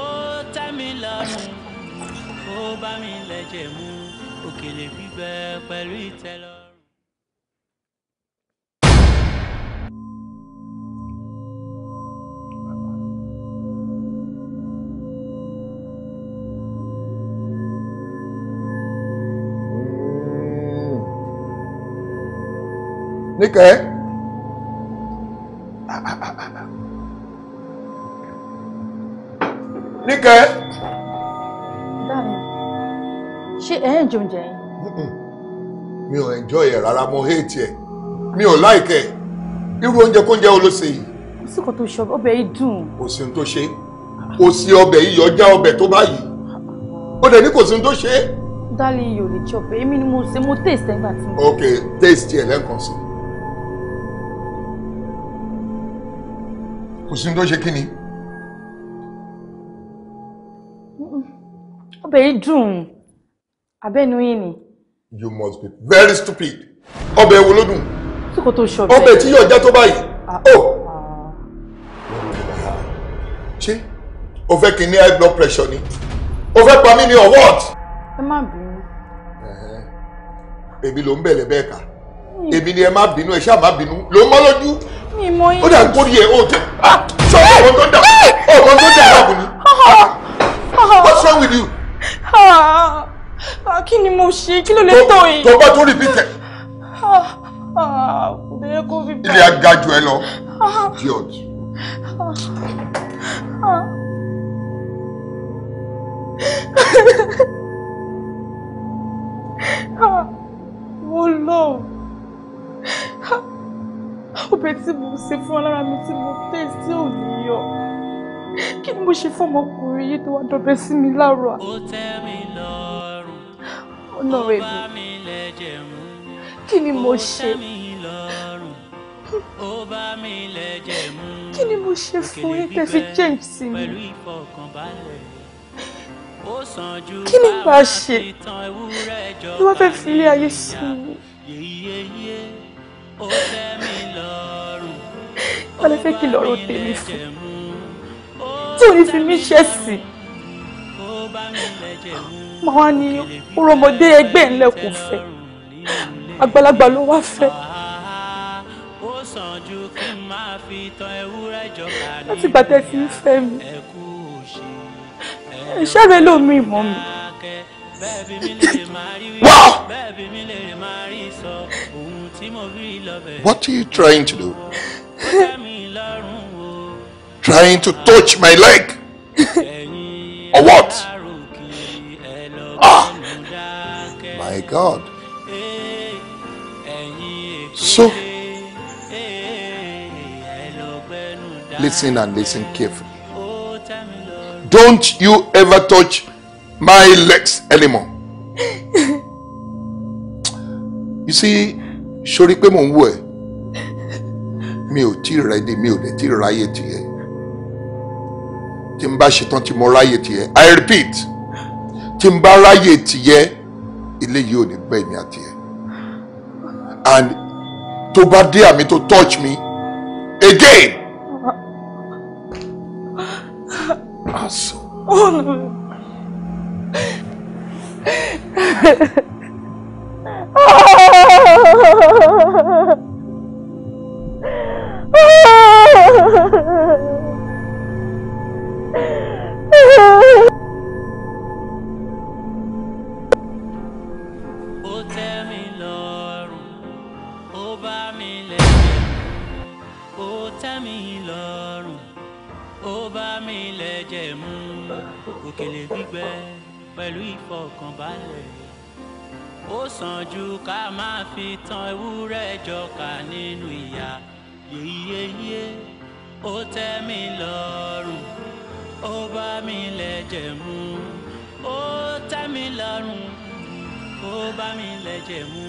ó tẹ́ mi lọ́rùn ó bá mi lẹ́jẹ̀ mu òkèlè gbígbẹ pẹ̀lú ìtẹ́lọ́rùn. níkẹ́ níkẹ́. dáàmì ṣé ẹ ń jòun jẹ yín. mi ò enjoy ẹ rárá mo hate ẹ mi ò like ẹ irú oúnjẹ kóúnjẹ wo ló ṣe yìí. kò sí kan tó ṣe ọbẹ̀ yìí dùn. kò sí ohun tó ṣe kò sí ọbẹ̀ yìí yọjá ọbẹ̀ tó báyìí ó dẹ̀ ní kò sí ohun tó ṣe. dálí iyò lè jọ bẹ́ẹ̀ èmi ni mo ṣe mo taste ẹ̀ gbà tí mo. ok taste ẹ̀ lẹ́ǹkan sí i. kò sí ní tó ṣe kí ni. ọbẹ̀ dùn abẹ́nu yìí ni. you must be very stupid ọbẹ̀ wo ló dùn. tí kò tó ṣọbẹ̀. ọbẹ̀ tí yóò já tó báyìí. ó ah. oh. ṣé o fẹ́ kí n ní high blood pressure ni o fẹ́ pa mí ni or what. ẹ má bínú. èmi ló ń bẹ̀rẹ̀ bẹ́ẹ̀ kà èmi ni ẹ má bínú ẹ ṣáà má bínú ló ń mọ́ lójú mi mọ yín. ó dà gbórí ẹ ó tẹ ṣọ ah, ọgbọn tó dà ah! ọgbọn tó dà láàbù ni ah! what's wrong with you. kí ni mo ṣe kí ló lè tó yìí. tó bá tó rí bí tẹ. obìnrin kò fi bẹ́ẹ̀. ilé agajù ẹ lọ idiot. Ha ha ha. tí mo ṣe fún ọlára mi tí mo taste tí ò ní yọ kí ni mo ṣe fún ọmọkùnrin yìí tó wá dọ̀bẹ sí mi láàárọ̀ ọ̀nà rẹ̀ mi kí ni mo ṣe kí ni mo ṣe fún yín tẹ́ fi change sí mi kí ni bá a ṣe ni wọ́n fẹ́ fi ilé ayé sí mi wọ́n fẹ́ kí lọ́rọ̀ tèmi fún tí ò ní fi mí ṣẹ̀sìn màá wá ní ọmọdé ẹgbẹ́ ńlẹ̀ kò fẹ́ àgbàlagbà ló wá fẹ́ láti gbàtẹ́ fi ń fẹ́ mi iṣẹ́ rẹ ló mú ìmọ̀ mi. What are you trying to do? trying to touch my leg or what? Ah! ah, my God. So, listen and listen carefully. Don't you ever touch my legs anymore. You see, sori pé mò ń wò ẹ́ mi ò tí ì rẹ́dí mi ò dẹ̀ tí ì ráyè tiẹ̀ tí n bá ṣetán tí mo ráyè tiẹ̀ i repeat tí n bá ráyè tiẹ̀ ilé yìí ò ní gbẹ́ èmi àti ẹ̀ and tó bá dé àmì tó touch me again. Aso. Oh, no. tẹ́ mi lọ́rùn ó bá mi lẹ́jẹ̀ mú òkèlè gbígbẹ pẹ̀lú ìfọkànbalẹ̀ ó sàn ju ká máa fi tan ewúrẹ́ jọkà nínú ìyà yeyeyeye ó tẹ́ mi lọ́rùn ó bá mi lẹ́jẹ̀ mú ó tẹ́ mi lọ́rùn ó bá mi lẹ́jẹ̀ mú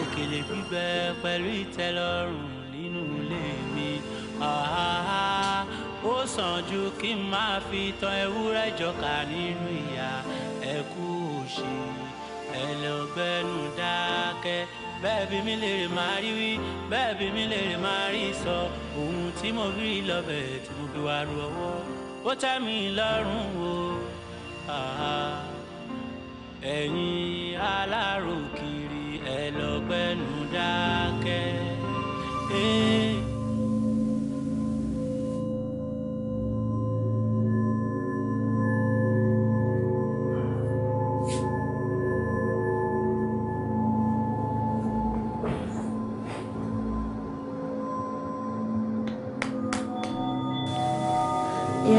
òkèlè gbígbẹ pẹ̀lú ìtẹ́lọ́rùn ó sàn ju kí n máa fi tan ewúrẹ́ jọkà nínú ìyà ẹ kú òṣì ẹ lọ gbẹnu dákẹ́ bẹ́ẹ̀ bí mi lè rè máa rí wí bẹ́ẹ̀ bí mi lè rè máa rí sọ ohun tí mo rí lọ́bẹ̀ tí mo fi wá ru ọwọ́ ó tẹ́ mi lọ́rùn o ẹ̀yin aláròkiri ẹ lọ gbẹnu dákẹ́.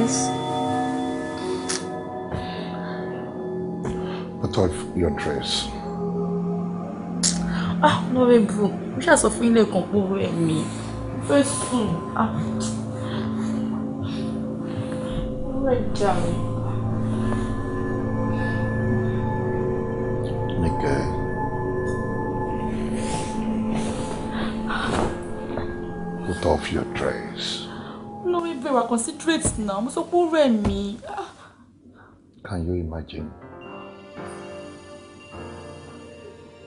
Yes. What of your dress? Ah, no, bro. We ṣáà sọ fún ilé kan pọ̀ rẹ̀ mi. Fẹ́ sùn. Ah. Rẹ̀ jà mí. Nìkẹ́. What your dress? bẹ̀ wá considerate náà mo sọ pé ó rẹ̀ Can you imagine?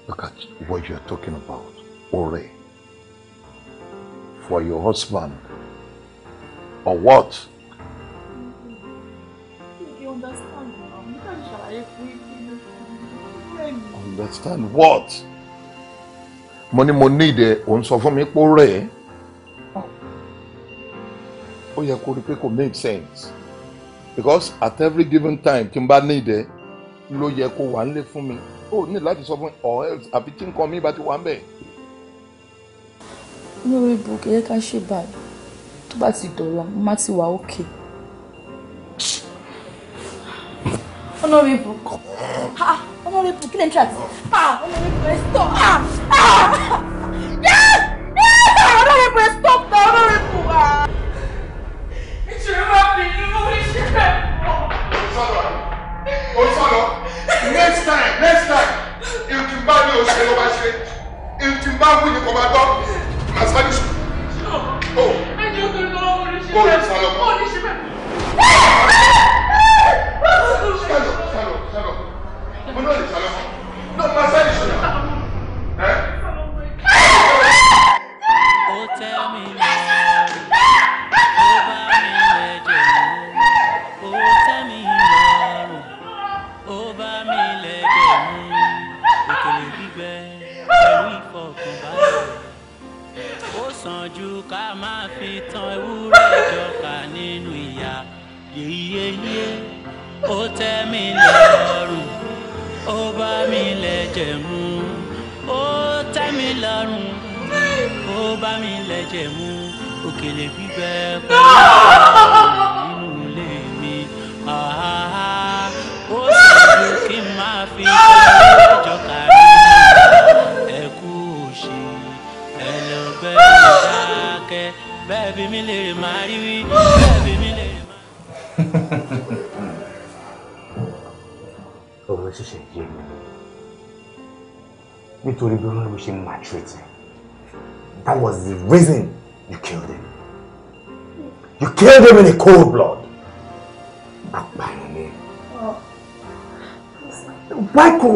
Look at what you're talking about, Ore. For your husband. Or what? understand what? Money, money, de. On so for me, fún mi ó yẹ kó rí pé kò make sense because at every given time tí n bá ní ìdẹ ló yẹ kó wà nílé fún mi ó ní láti sọ fún mi or else àfi tí nǹkan mi bá ti wà ń bẹ̀. mi ò ibò kí ẹ ká ṣe báyìí tó bá ti dọ̀la mo má ti wà òkè. honourable honourable kí lè ń tẹ̀ àti honourable ẹ̀ sọ.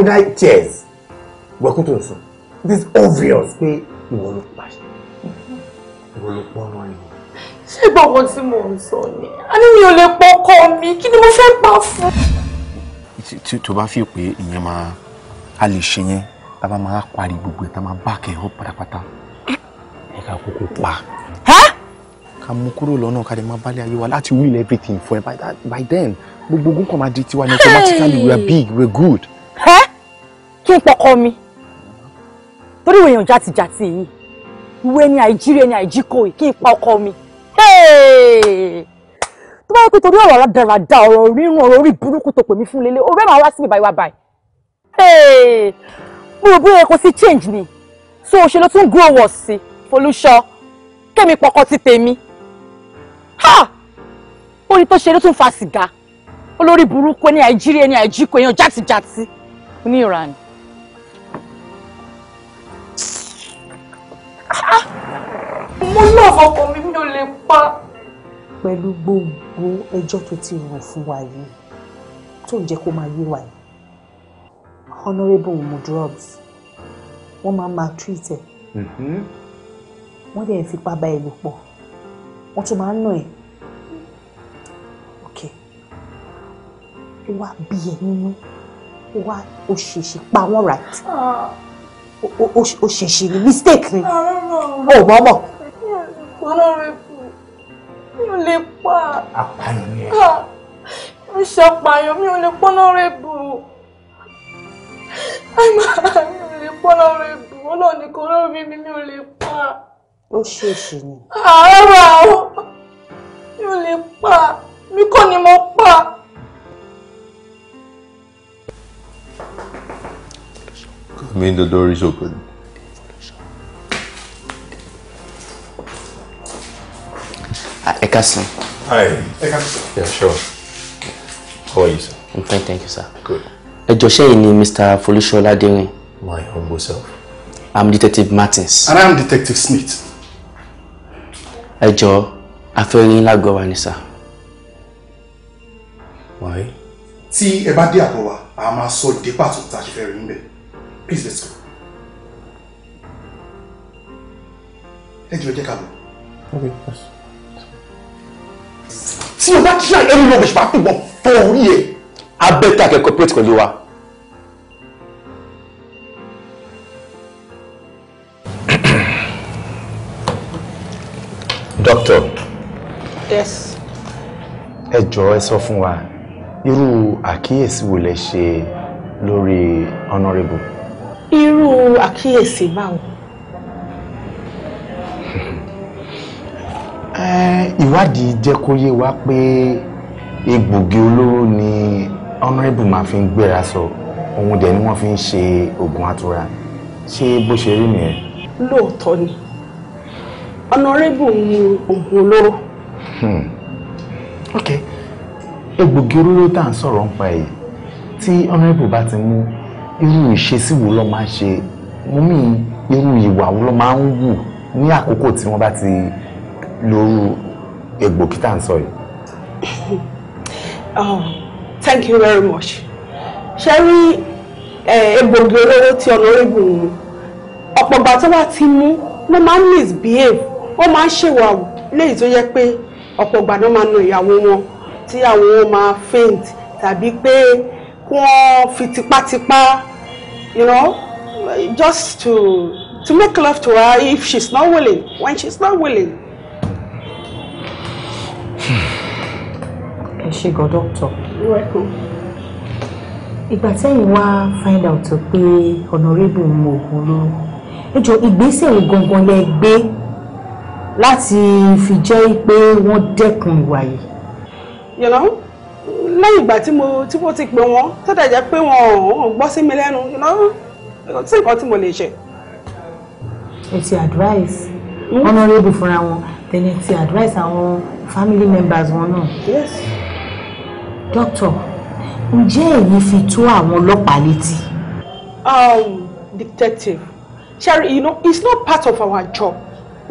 suicidal tears gbọ́kú tó ń sùn this obvious pé ìwọ ló pàṣẹ ìwọ ló pọ́n náà yìí. ṣé gbọ̀ngàn tí mò ń sọ ni a ní mi ò lè pọ ọkọ mi kí ni mo fẹ́ pa fún. tó bá fi pé ìyẹn máa a lè ṣe yẹn tá a bá máa parí gbogbo ẹ̀ tá a máa bá kẹ́ hàn pátápátá ẹ̀ ká kókó pa. ká mú kúrò lọ́nà ká lè máa bálẹ̀ ayé wa láti will everything for ẹ by then gbogbo ogun kan máa di tiwa ní automatically we are big we are good kí n pọkọ mi torí ìwé èèyàn játijàti yìí ìwé ni àìjírí ni àìjíkò yìí kí n pa ọkọ mi tó bá yẹ pé torí ọ̀rọ̀ aládàradà ọ̀rọ̀ rírun ọ̀rọ̀ orí burúkú tó pè mí fún lélẹ̀ ọ̀rẹ́ màá wá sí mi báyìí wá báyìí mo rò bóyá kò sí change ni so ṣe ló tún grow wọ̀ sí folúṣọ kẹ́mi pọkọ ti tèmi ha orin tó ṣe ló tún fa sìgá olórí burúkú ẹni àìjírí ẹni àìjíkò èèyàn játijàti oníranì. mo lọ́ọ̀fọ́ ọkọ mi mi ò lè pa. pẹ̀lú gbogbo ẹjọ́ tó ti rò fún wa yìí tó ń jẹ́ kó máa yé wa yìí honourable mudrobs wọ́n máa máa treat ẹ̀ mm-hmm. wọ́n dẹ̀ fipá bá ẹ lò pọ̀ wọ́n tún máa ń nà ẹ́ ok wá bí ẹ nínú wá ó pa wọ́n right. Ah o ṣèṣì ni mistake ni o mọ̀ mọ̀. mi ò lè pa apààyàn ni ẹ. mi ṣe apààyàn mi ò lè pọ́n lọ́rẹ́ bù mi ò lè pọ́n lọ́rẹ́ bù ọlọ́ọ̀ni kò lórí mi mi ò lè pa. ó ṣèṣì ni. àárọ̀ àwọn mi ò lè pa mi kọ́ ni mo pa. Thank you. I mean, the door is open. Uh, ah, Ekasin. Hi. Ekasin. Yeah, sure. How are you, sir? I'm fine, thank you, sir. Good. Ẹ jọ̀ọ́ ṣẹ́yìn Mr. Folúṣọlá Adérin. My humble self. I'm Detective Martins. And I'm Detective Smith. Ejo, jọ̀ọ́, a fẹ́ yín lágọ̀ọ́ sir. Why? See, ẹ bá dé àgọ́ wa, a máa sọ dé pàtó tá Please let's go. Let's go jẹ́ ká lọ. Okay, yes. See, you're not try any rubbish máa pè wọ́n fọ I ẹ̀. Abẹ́tẹ̀ akẹ́kọ̀ọ́ pẹ̀lú pẹ̀lú wa. Doctor. Yes. Ẹ jọ̀ọ́ ẹ sọ fún wa irú àkíyèsí wo lẹ ṣe lórí honourable irú àkíyèsí báwo. ìwádìí jẹ́ kó yé wa pé egbògi olóró ni honourable máa fi ń gbéra sọ òun dẹ̀ ni wọ́n fi ń ṣe oògùn atura ṣé bó ṣe rí nìyẹn. lóòótọ́ ni honourable ni oògùn olóró. Hmm. ok egbògi olóró tá à ń sọ̀rọ̀ ń pa èyí tí honourable bá ti mú irú ìṣesí wo ló máa ń ṣe mo mí irú ìwà wo ló máa ń wù ní àkókò tí wọ́n bá ti lóru egbò kíta ń sọ yìí. Oh, thank you very much ṣe rí eh, egbògi olóró tí ọlọ́rìbù mu ọ̀pọ̀ ìgbà tó bá ti mú ló máa ń misbehave ó máa ń ṣèwà léyìí tó yẹ pé ọ̀pọ̀ ìgbà náà máa na ìyàwó wọn tí wọn máa faint tàbí pé. Pe wọ́n fi tipátipá you know just to to make love to her if she's not willing when she's not willing. ẹ ṣe gan doctor. ìgbà tẹ́yìn wá find out pé honourable mu oògùn ló ẹ jọ ìgbésẹ̀ gangan lẹ gbé láti fi jẹ́ pé wọ́n dẹ́kun ìwà yìí. you know lẹ́yìn ìgbà tí mo tí mo ti pè wọ́n tó dẹ̀ jẹ́ pé wọ́n ò gbọ́ sí mi lẹ́nu sí nǹkan tí mo lè ṣe. ẹ ti advice hmm? honorable fúnra wọn tẹ̀lé ti advice àwọn family members wọn náà. yes. doctor ǹjẹ́ èyí fi tó àwọn ọlọ́pàá létí. um detective Sherry you know it's not part of our job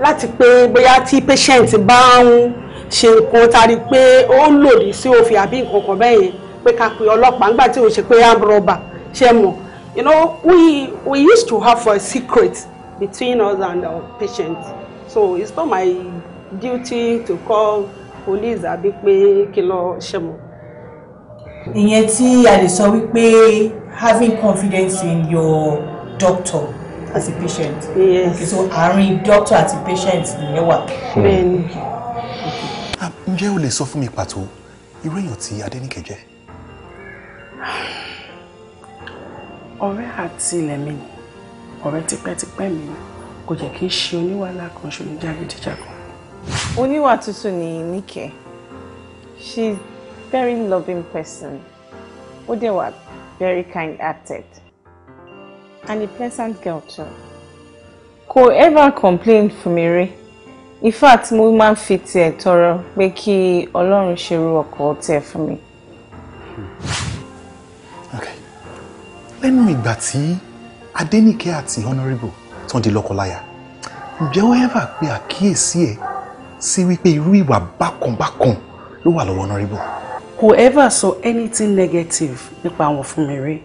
láti pé bóyá tí patient bá ń. Um, ṣe nǹkan tari pé ó lòdì sí òfin àbí nǹkan kan bẹ́ẹ̀ yẹn pé ká pe ọlọ́pàá nígbà tí o ṣe pé arm robber ṣe mọ̀ you know we we used to have a secret between us and our patients so it's not my duty to call police àbí pé kí lọ ṣe mọ̀. ìyẹn tí a lè sọ wípé having confidence in your doctor as a patient. yes okay so àárín doctor àti patient nìyẹn wà. bẹ́ẹ̀ni. Okay ǹjẹ́ o lè sọ fún mi pàtó irú èèyàn tí Adéníkẹ́ jẹ́? ọ̀rẹ́ àti ilẹ̀ mi ni ọ̀rẹ́ tipẹ́tipẹ́ mi ni kò jẹ́ kí n ṣe oníwàhálà kan ṣe oníjàgídíjàgan. oníwà tútù ni Níkẹ́ she's very loving person ó dẹ̀ wà very kind-hearted and a pleasant girl too kò ever complain fún mi rí in fact mo máa ń fi tiẹ̀ tọrọ pé kí ọlọ́run ṣerú ọkọ̀ tiẹ̀ fún mi. Hmm. okay lẹ́nu ìgbà tí Adéníkẹ́ àti Honourable tán di lọ́kọláya ǹjẹ́ ó ever pe àkíyèsí ẹ̀ sí wípé irú ìwà bákanbákan ló wà lọ́wọ́ Honourable. kò ever sọ anything negative nípa àwọn fún mi rí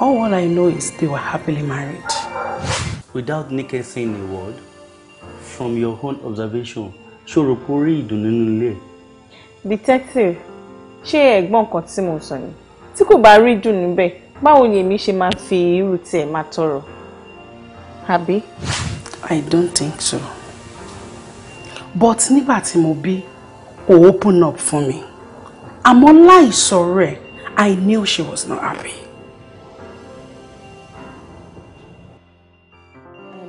all what I know is they were happily married. without Nike saying a word from your own observation ṣó rò rí ìdùnnú nínú detective ṣé ẹ̀gbọ́n kan tí mo sọ ni tí kò bá rí ìdùnnú níbẹ̀ báwo ni èmi ṣe máa fi irú tiẹ̀ máa tọrọ àbí. I don't think so but nígbà tí mo bí o open up fún mi àmọ́ láìsọ̀rọ̀ ẹ̀ I knew she was not happy.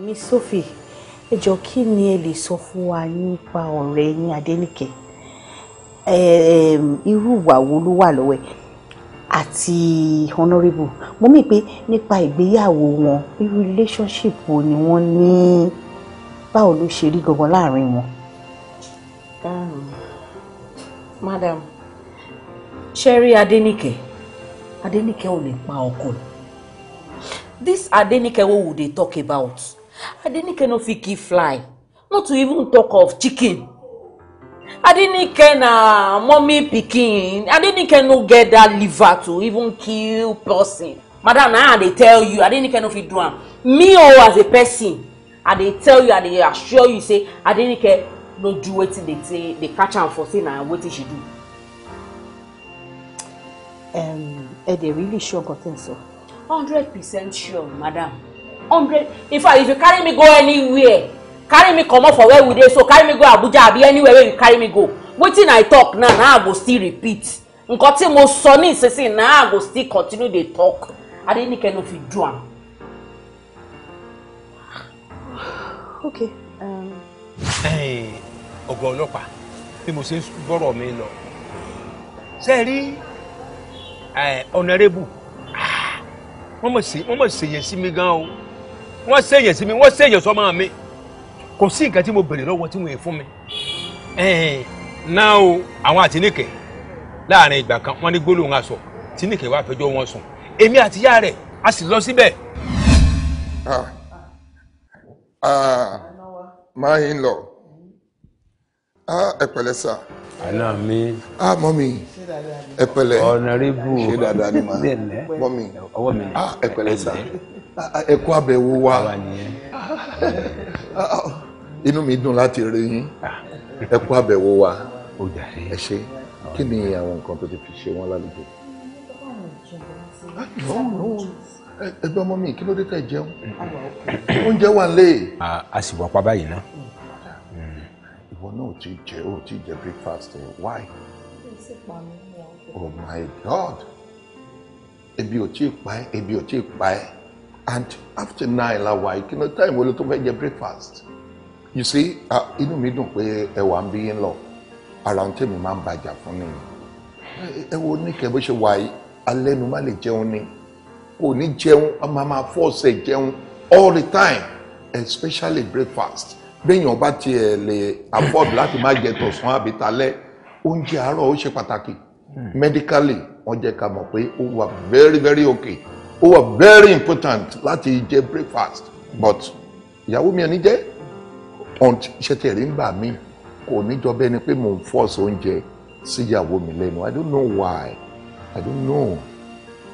Miss Sophie ẹ jọ kí ni ẹ lè sọ fún wa nípa ọ̀rẹ́ yín Adéníkẹ́ irú ìwà wo ló wà lọ́wọ́ ẹ̀ àti honourable mo mí pé nípa ìgbéyàwó wọn irú relationship wo ni wọ́n ní báwo ló ṣe rí gangan láàrin wọn. madam Sherry adenike. Adenike ò lè pa ọkọ this adenike wo we dey talk about Adenike no fit kill fly not to even talk of chicken. Adenike na mummy pikin Adenike no get that liver to even kill person. Madam Now they tell you Adenike no fit do am. Me o as a person I they tell you I they assure you say Adenike no do wetin They say they catch am for say na wetin she do. Um, are they really sure nǹkan tẹ̀ ń hundred percent sure madam hundred in fact if you carry me go anywhere carry me comot for where we dey so carry me go abuja abi anywhere wey you carry me go wetin i talk now Now i go still repeat nkan tí mo sọ ní ìsinsìnyí now i go still continue dey talk adenike no fit do am. okay. Um. ọ̀gá ọlọ́pàá bí mo ṣe ń bọ̀rọ̀ mi lọ ṣe rí ọ̀nàrẹ́bù ah, wọ́n mọ̀ ṣèyẹ sí mi gan o wọ́n ṣèyàn sí mi wọ́n ṣèyàn sọ́mọ mi kò sí nǹkan tí mo bèrè lọ́wọ́ tí wọ́n yẹ fún mi. náà o àwọn àtiníkẹ́ láàrin ìgbà kan wọ́n ní gbólóhùn aṣọ tíníkẹ́ wàá fẹjọ́ wọn sùn èmi àti ìyá rẹ̀ a sì lọ síbẹ̀. máa ń lọ ẹ pẹ̀lẹ́ sà. àná mi. ah mọ́mì ẹ pẹ̀lẹ́. ọ̀nàrẹ́bù ṣe dáadáa ni màá mọ́mì ah, ẹ pẹ̀lẹ́ sà ẹ kú àbẹ̀wò wa inú mi dùn láti rí yín ẹ kú àbẹ̀wò wa ẹ ṣe kí ni àwọn nǹkan tó ti fi ṣe wọ́n lálejò. ẹgbẹ́ ọmọ mi kí ló dé tẹ̀ jẹun oúnjẹ wà lé. a sì wà pa báyìí ná. Mm. ìwọ náà ò tí ì jẹ ò tí ì jẹ breakfast eh? why. oh my god ebi ò tí ì pa ẹ ebi ò tí ì pa ẹ and after nine la wà yìí kí ló time wo ló tó fẹ́ jẹ breakfast you see uh, inú mi dùn pé ẹwà ń bí yín lọ ara ohun tèmi máa ń bàjà fún mi ẹ wo níkẹ bó ṣe wà yìí alẹ́ nu má lè jẹun ni kò ní jẹun a máa máa force ẹ jẹun all the time especially breakfast béèyàn bá tiẹ̀ lè afford láti má jẹ tọ̀sán àbí talẹ́ oúnjẹ àárọ̀ ó ṣe pàtàkì hmm. medically wọ́n jẹ́ ká mọ̀ pé ó wà very very okay ó wà very important láti jẹ breakfast but ìyàwó mi ò ní jẹ ṣe tẹ̀lé ń bà mí kò ní jọ bẹ́ẹ̀ ni pé mò ń force oúnjẹ síyàwó mi lẹ́nu i don't know why i don't know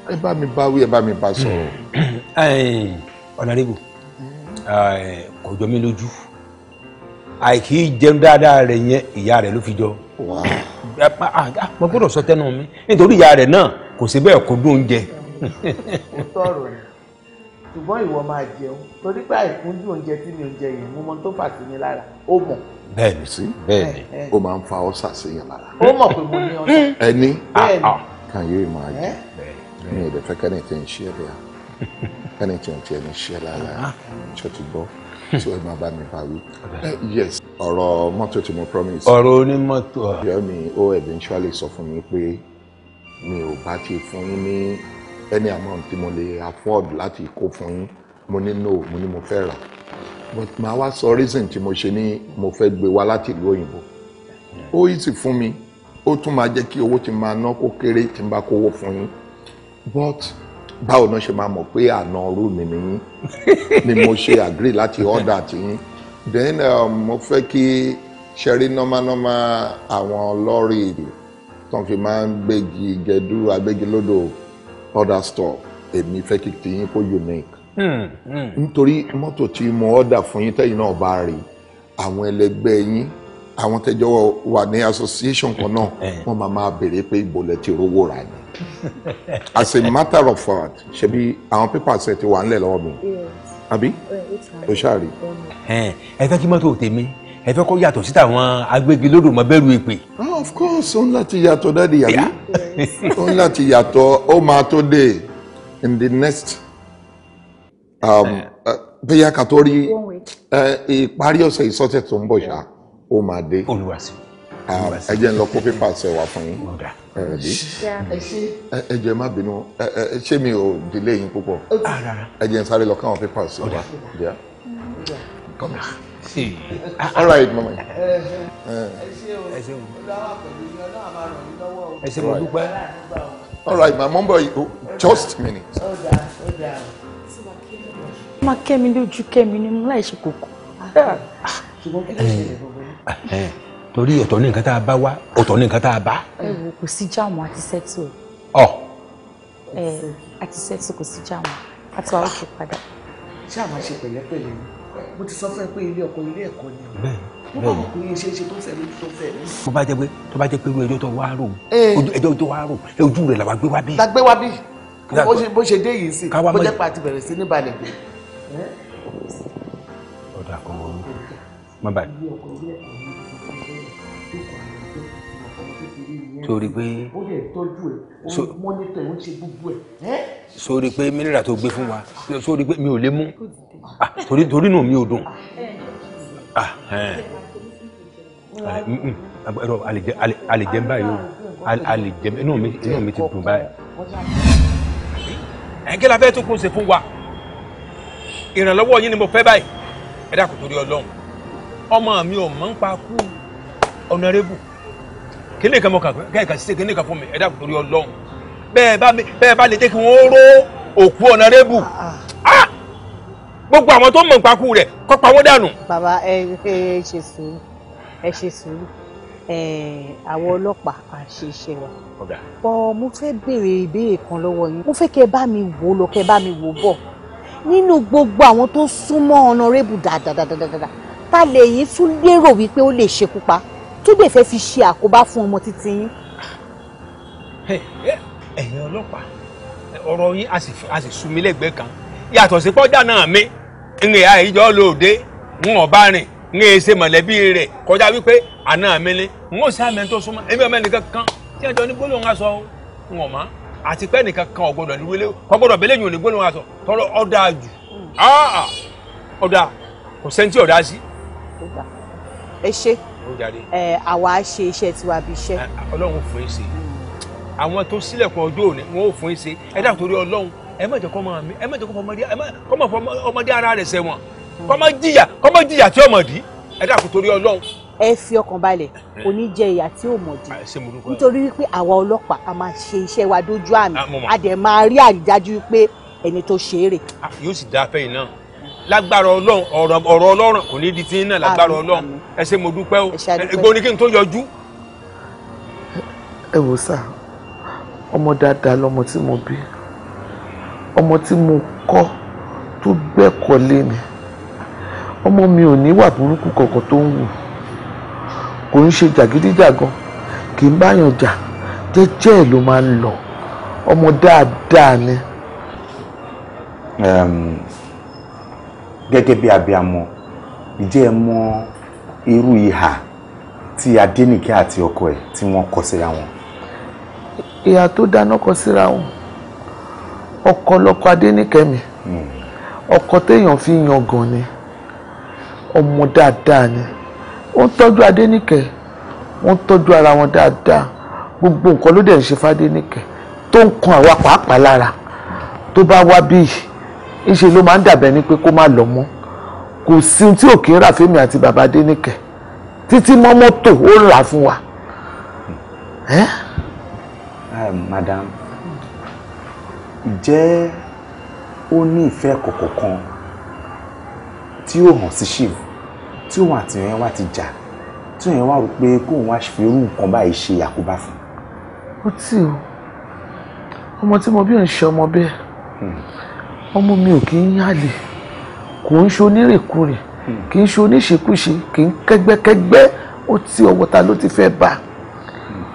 ẹ bá mi bá wí ẹ bá mi bá sọ̀rọ̀. ọ̀nàrẹ́bù eh, kò jọ mí lójú àìkí jẹun dáadáa rẹ̀ yẹn ìyá rẹ̀ ló fi jọ ah, ah, mo gbọ́dọ̀ sọ tẹnu mi nítorí ìyá rẹ̀ náà kò sí bẹ́ẹ̀ kó dùn oúnjẹ ó tọrọ ni ṣùgbọ́n ìwọ máa jẹun torí pé àìkúndí oúnjẹ tí mi ò jẹ yẹn mo mọ tó fà sí mi lára ó mọ̀. bẹ́ẹ̀ni sí bẹ́ẹ̀ni ó máa ń fa ọsà séyàn lára. ó mọ̀ pé mo ní ọsà. ẹni kan yóò máa jẹ mi ò lè fẹ́ tí ń ṣe é lẹ́yà kẹ́ni tí ń tiẹ̀ ní ṣe é lára ah, ah. ṣe ti gbọ́ tí wọ́n máa bá mi bá wí. Eh, ọ̀rọ̀ mọ́tò tí mo promise. ọ̀rọ̀ onímọ́tò. yọmi ó eventually sọ fún mi pé mi ò bá ti fún yín ní any amount tí mo lè afford láti kó fún yín mo ní no mo ní mo fẹ́ rà but màá wá sọ reason tí mo ṣe ní mo fẹ́ gbé wá láti ìlú òyìnbó ó easy fún mi ó tún máa jẹ́ kí owó tí máa ná kó kéré tí n bá kówó fún yín but báwo náà ṣe máa mọ̀ pé àna ọ̀rú mi nìyí ni mo ṣe agree láti order ti yín then um, mo fẹ́ kí ṣẹ́rí nọ́mánọ́má àwọn lọ́ọ̀rì tó fi máa ń gbégi gẹdú abégilódò order store èmi fẹ́ kí tiyín kó unique. Hmm, hmm. nítorí mọ́tò tí mo order fún yín tẹ́yìn náà bá rí àwọn ẹlẹgbẹ́ yín àwọn tẹjọ wà ní association kan náà eh, eh. wọn máa máa béèrè pé ìbòlẹ̀ ti rówó rà ní. as a matter of fact ṣebí àwọn papers ẹ ti wà ńlẹ̀ lọ́wọ́ mi àbí eh, o ṣáà rí. ẹ fẹ́ kí mọ́tò tèmi ẹ fẹ́ kó yàtọ̀ sí tàwọn agbègbè lódò mọ́ bẹ̀rù èpè. Ah, of course òun láti yàtọ̀ dáàdi yàrá òun láti yàtọ̀ ó máa tó dé in the next um, eh. Eh, bóyá ká tó rí eh, ìparí ọ̀sẹ̀ ìsọ̀tẹ̀ tó ń bọ̀ ṣá ó máa dé. olùwàsí ah, ẹ jẹ́ ń lọ kó pépà ṣe wá fún yín ẹ jẹ́ má bínú ṣé mi ò délé yín púpọ̀ ah, ẹ jẹ́ ń sáré lọ káwọn pépà ṣe wá. Mm, Come here all right mama. ẹ ṣe mo dúpẹ́. all right ma mo yìí just minute. ó dáa ó ju má kẹ́mi ni mo láì ṣe kókó. ṣùgbọ́n kí ló ṣe lè gbogbo torí ọ̀tọ̀ ní nǹkan tá a bá wá ọ̀tọ̀ ní nǹkan tá a bá. ẹ wo kò sí jáàmù àti sẹ́tù. ọ. àti sẹ́tù kò sí jáàmù àti wàá ó ṣe padà. jáàmù àṣepẹ̀lẹ́pẹ̀lẹ́ ni mo ti sọ fún ẹ pé ilé ọkọ ilé ẹ̀kọ́ ni o mo kò yẹ ṣe tó fẹ́ lójú tó fẹ́ mi. tó bá jẹ́ pé tó bá jẹ́ pé irú ẹjọ́ tó wá rò ẹjọ́ tó wá rò ojú rẹ̀ làwa gbé wá bí. la gbé wá bí bó ṣe dé yìí sí bó jẹ́ pé a ti bẹ̀rẹ̀ sí ní balẹ̀ gbé. ọ̀dà kò wọ́n má bàa. sórí pé sórí pé mínírà tó gbé fún wa sórí pé mi ò lè mú ah, torí torí nù mi ò dùn àlejẹ ah, báyìí o àlejẹ inú mi inú mi ti dùn báyìí. ẹ̀ńkẹ́ la fẹ́ tó kún ṣe fún wa ìrànlọ́wọ́ yín ni mo fẹ́ báyìí ẹ dákun torí ọlọ́run ọmọ mi ò mọ̀ ń pa kú ọ̀nàrẹ́bù kíní kan mọ kà kẹ́ ẹ̀ka ṣe kíní kan fún mi ẹ̀dá torí ọlọ́run bẹ́ẹ̀ bá bẹ́ẹ̀ bá lè jẹ́ kí wọ́n ró òkú ọ̀nàrẹ́bù ah, ah. Ah! gbogbo àwọn tó mọ̀ nípa kú rẹ̀ kọ́ pa wọ́n dànù. bàbá ẹ ẹ ṣe sùúrù ẹ ṣe sùúrù àwọn ọlọ́pàá à ń ṣe iṣẹ́ wa. bọ́ mo fẹ́ béèrè ìbéèrè kan lọ́wọ́ yín mo fẹ́ kẹ́ bá mi wò lọ kẹ́ bá mi wò bọ̀ nínú gbogbo àwọn tó súnmọ́ ọ̀nàrẹ́bù dáadáa ta lè yín tún lérò wípé ó lè ṣekú pa tó dẹ̀ fẹ́ fi ṣe àkóbá fún ọmọ títí yín. ẹ̀yin ọlọ́pàá ọ̀rọ̀ yín a sì sún mi lẹ́gbẹ̀ẹ́ kan yàtọ̀ sí pọ́jà náà mi ń rìn àìjọ́ lóde ń ọ̀bá rìn ń rìn ṣe mọ̀lẹ́bí rẹ̀ kọjá wípé àná mi ni ń ó sí àmì tó súnmọ́ èmi ọmọ ẹnìkan kan tí ẹjọ́ ní gbólóhùn aṣọ ń wọ̀n mọ́ àti pé ẹnìkan kan ọ̀gbọ́dọ̀ ní wílé ọ̀gbọ́dọ̀ bẹ́lẹ̀ yìí ò ní gbólóhùn aṣọ tọ́lọ́ ọ̀dà jù ọ̀dà kò sẹ́ńtì ọ̀dà sí. ẹ ṣe burú jáde. ẹ àwa ṣe iṣẹ́ tiwa bí iṣẹ́. Ọlọ́run fún ìṣe àwọn tó sílẹ̀kùn ọjọ́ òní wọn ò fún ìṣe ẹ dá torí Ọlọ́run ẹ má jẹ́ kó máa mi ẹ má jẹ́ kó fọmọdé ẹ má kó máa fọmọdé ara rẹ̀ sẹ́wọ̀n kó máa jìyà kó máa jìyà tí ọmọ dì ẹ dá torí Ọlọ́run. ẹ fi ọkàn balẹ̀ kò ní jẹ ìyà tí ò mọ̀ dì nítorí wípé àwa ọlọ́pàá a máa ṣe iṣẹ́ wa dójú àmì ah, a dẹ̀ máa rí àrídájú wípé ẹni tó ṣe é rè. Ah, yóò sì dáa fẹ́yìn náà lágbára ọlọ́run ọ̀rọ̀ ọlọ́run kò ní di ti náà lágbára ọlọ́run ẹ ṣé mo dúpẹ́ o ìgbóni kí n tó yọjú. ẹ wò sá ọmọ dáadáa lọmọ tí mo bí ọmọ tí mo kọ́ tó gbẹ́kọ̀ọ́ lé ni ọmọ mi ò ní wà burúkú kankan tó ń wù kò ń ṣe jàgídíjàgan kì í báyàn jà jẹ́jẹ́ ẹ̀ ló máa ń lọ ọmọ dáadáa ni gẹ́gẹ́ bí abiyamọ ìjẹ́ ẹ mọ irú ìhà tí Adénìkẹ́ àti ọkọ ẹ̀ tí wọ́n kọ síra wọn. ìhà tó dáná kọ síra wọn ọkọ lọkọ Adénìkẹ́ mi hmm. ọkọ téèyàn fi yan gan ni ọmọ dáadáa ni ó ń tọ́jú Adénìkẹ́ wọ́n ń tọ́jú ara wọn dáadáa gbogbo nǹkan ló dẹ̀ ń ṣe f'Adénìkẹ́ tó ń kan àwa pàápàá lára tó bá wá bíi ìṣe ló máa ń dàbẹ̀ ni pé kó má lọ mọ́ kò sí ohun tí ò kí ń rà fẹ́mi àti bàbá Adéníkẹ̀ títí mọ́ mọ́tò ó rà fún wa. madam ǹjẹ́ ó ní ìfẹ́ kọ̀kọ̀ kan tí ó hàn sí Shiv tí òun àti ìyẹn wá ti jà tí òun wá rò pé kóun wá fi irú nǹkan báyìí ṣe àkóbá fún. ó tì ó ọmọ tí mo bí ò ń ṣe ọmọ bẹ́ẹ̀. Hmm ọmọ mi ò kì í yálè kò ń ṣe onírèkurè hmm. kì í ṣe oníṣekúṣe kì í kẹ́gbẹ́kẹ́gbẹ́ ó ti ọwọ́ ta ló ti fẹ́ bá hmm.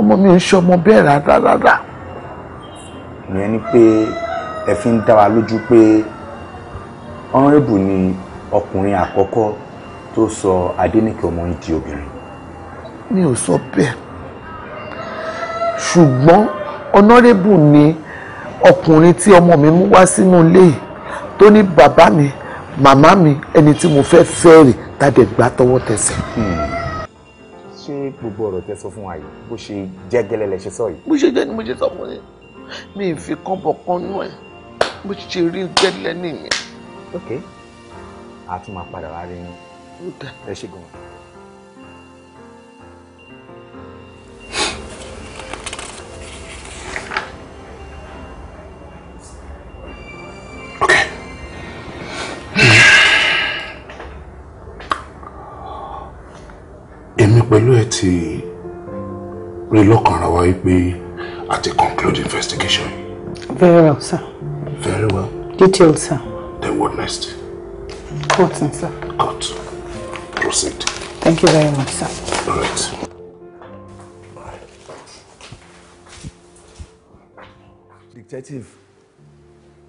ọmọ mi ò ń ṣe ọmọ bẹ́ẹ̀ rárá rárá. ìyẹn ni pé ẹ fi ń dá wa lójú pé ọ̀rẹ́bù ni ọkùnrin àkọ́kọ́ tó sọ Adéníkè ọmọ yìí di obìnrin. mi ò sọ bẹ́ẹ̀ ṣùgbọ́n ọ̀nàrẹ́bù ni ọkùnrin tí ọmọ mi mú wá sínú ilé tó ní bàbá mi màmá mi ẹni tí mo fẹ́ fẹ́ rè tàbí gbà tọwọ́ tẹsẹ̀. ṣé gbogbo ọ̀rọ̀ tẹ sọ fún wa yìí bó ṣe jẹ́ gẹ́lẹ́ lẹ ṣe sọ yìí. bó ṣe jẹ́ ni mo ṣe sọ fún yín mi ì fi kọ́bọ̀ kan nú ẹ̀ bó ṣe rí gẹ́lẹ́ nìyẹn. ok a tún máa padà wá rí yín ẹ ṣe gan-an. ti rí lọ́kàn ara wa wípé a ti conclude investigation. Very well, sir. Very well. Details, sir. Then what next? Court, sir. Court. Proceed. Thank you very much, sir. All right. detective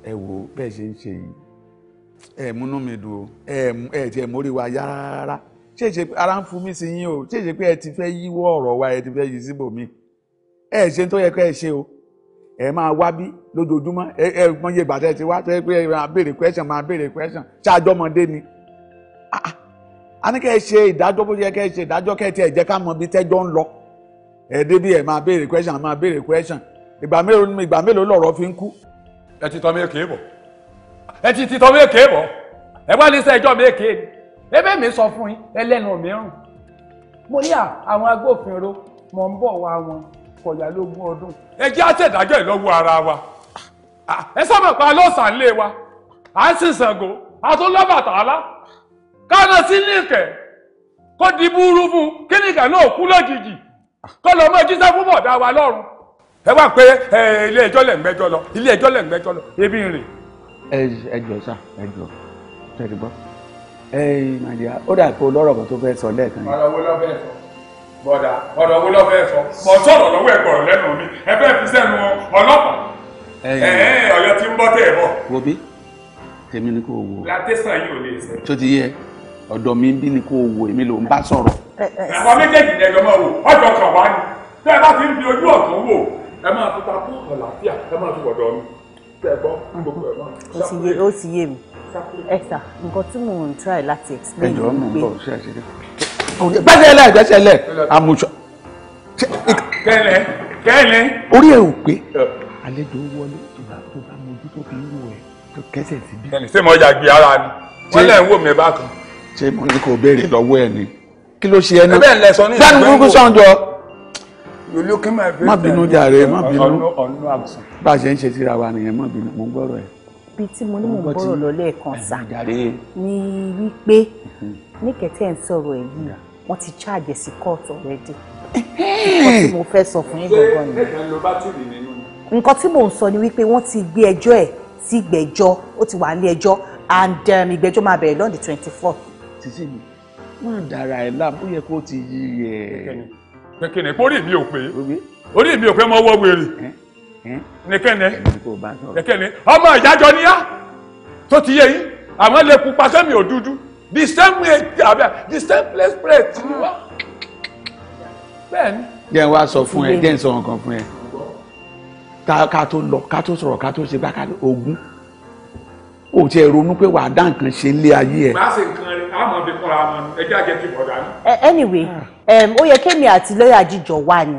ẹ wo bẹ́ẹ̀ ṣe ń ṣe yìí ẹ múnú mi dùn ẹ ẹ tiẹ̀ mórí wa yára rárá ṣé ṣe ara ń fún mi sí yín o ṣé ṣe pé ẹ ti fẹ́ yíwọ́ ọ̀rọ̀ wa ẹ ti fẹ́ yí síbòmí ẹ ṣe tó yẹ kẹ́ ẹ ṣe o ẹ máa wá bí lójoojúmọ́ ẹ ẹ mọye ìbàdàn ti wá tó yẹ pé ẹ máa béèrè question máa béèrè question ṣáàjọmọdé ni ah, ah. a ní kẹ́ ẹ ṣe ìdájọ́ bó yẹ kẹ́ ẹ ṣe ìdájọ́ kẹ́ ẹ tiẹ̀ jẹ́ ká mọ bí tẹ́jọ́ ń lọ ẹ débi ẹ máa béèrè question máa béèrè question ìgbà mélòó ni ìgbà mélòó lọ̀rọ̀ fi ń kú. ẹ ti tọ́ mi èké bọ̀ ẹ ti ti tọ́ mi èké bọ̀ ẹ wá ní sẹ́jọ́ mi èké ni. ebe mi sọ fún yín ẹlẹ́nu mìíràn mo ní àwọn agbófinró mọ̀ ń bọ̀ wá wọn kọ̀yà lógún ọdún. ẹ jẹ́ àtẹ̀dájọ́ ìlọ́wọ́ ara wa ẹ sábà pa lọ́sàn-án lé wa à ń sin Ṣàngó a tún lọ́ káná sí nìkẹ́ kó di búrú fún kí nìkẹ́ náà kú lójijì kó lọ mọ jíṣẹ́ fún bọ̀dá wa lọ́rùn. ẹ wá pé ilé ẹjọ́ lẹ̀ ń gbẹ́jọ́ lọ ilé ẹjọ́ lẹ̀ ń gbẹ́jọ́ lọ ebi ń ẹ jọ sá ẹ jọ tẹ̀lé gbọ́. ẹyìn màdìyà ó dà pé olóró kan tó fẹ́ sọ lẹ́ẹ̀kan yìí. ọ̀rọ̀ wo lọ bẹ́ẹ̀ fọ bọ́dà ọ̀rọ̀ wo lọ bẹ́ẹ̀ fọ mọ sọ̀rọ̀ lọ́wọ́ ẹ̀gbọ̀rọ̀ lẹ́nu mi ẹ fẹ́ fi sẹ́nu ọlọ́pàá ẹ̀ẹ́n ọ̀yọ́ ti ń bọ́ tẹ̀ bọ̀. wo bí tèmi ni kò wo. látẹ́sán yìí ò lè ṣe. tó ti yẹ ọ̀dọ̀ mi bí ni kò wo èmi ló ń bá sọ̀rọ̀. àwọn méjèèjì ni ẹjọ́ máa wò ọjọ́ kan wá ní tẹ́ ẹ bá ti ń di ojú ọ̀tún wò ẹ máa fi ta kó ọ̀làfíà ẹ máa fi wọ̀dọ̀ mi tẹ́ ẹ bọ́ ẹ sà nǹkan tí mò ń try láti explain ni pé. ẹjọ mò ń bọ é ṣe é. gbẹ́sẹ̀ lẹ̀ gbẹ́sẹ̀ lẹ̀ àmùsọ̀. kẹ́lẹ̀ kẹ́lẹ̀. orí ẹ̀ ò pé àlejò wọlé ìgbà tó bá mojú tó fi ń wò ẹ̀ tó kẹ́sẹ̀ síbi. kẹ́lẹ̀ ṣé mo yà gbé ara mi wọ́n lẹ̀ ń wò mí bákan. ṣé mo ní kò béèrè lọ́wọ́ ẹ̀ ni kí ló ṣe ẹ náà. ẹ bẹ́ẹ̀ lẹ sọ ní ìgbà gbogbo. dáàbò burúkú sọ̀njọ́ má bínú eh? jàre má bínú bá a ṣe ń ṣe síra wa nìyẹn má bínú mo ń gbọ́rọ̀ ẹ̀ ibi tí mo ní mò ń bọ̀rọ̀ lọ lẹ́ẹ̀kan sá ni wípé níkẹtẹ́ ń sọ̀rọ̀ ẹ̀ yìí wọ́n ti charge sí court already nǹkan tí mo fẹ́ sọ fún yín gangan ni nǹkan tí mò ń sọ ni wípé wọ́n ti gbé ẹjọ́ ẹ̀ sí ìgbẹ́jọ́ ó ti wà ní ẹjọ́ and um, ìgbẹ́jọ́ máa bẹ̀rẹ̀ lọ́ọ̀dì twenty four. títí mi máa dára ẹ̀ láàmú ó yẹ kó ti yí ẹ̀. pẹ̀kẹ́ni pé orí mi ò pé orí mi ò pé wọ́ wẹ̀rẹ̀ nìkẹ́ni nìkẹ́ni ọmọ ìyájọ níyà tó ti yé yín àmọ́ lè pupa sẹ́mi ò dúdú the same way the same place place. ni wá bẹ́ẹ̀ni. jẹ́ n wá sọ fún ẹ jẹ́ n sọ nǹkan fún ẹ ká tó lọ ká tó sọ̀rọ̀ ká tó ṣe gbá ká ogún o tiẹ̀ ronú pé wàá dá nǹkan ṣe nílé ayé ẹ̀. máa ṣe nǹkan rẹ àmọ́ bí kọ́ra mọ ẹjẹ́ àjẹ ti bọ̀ dání. anyway um, ó yẹ kémi àti lọ́ọ̀yà jíjọ wà ní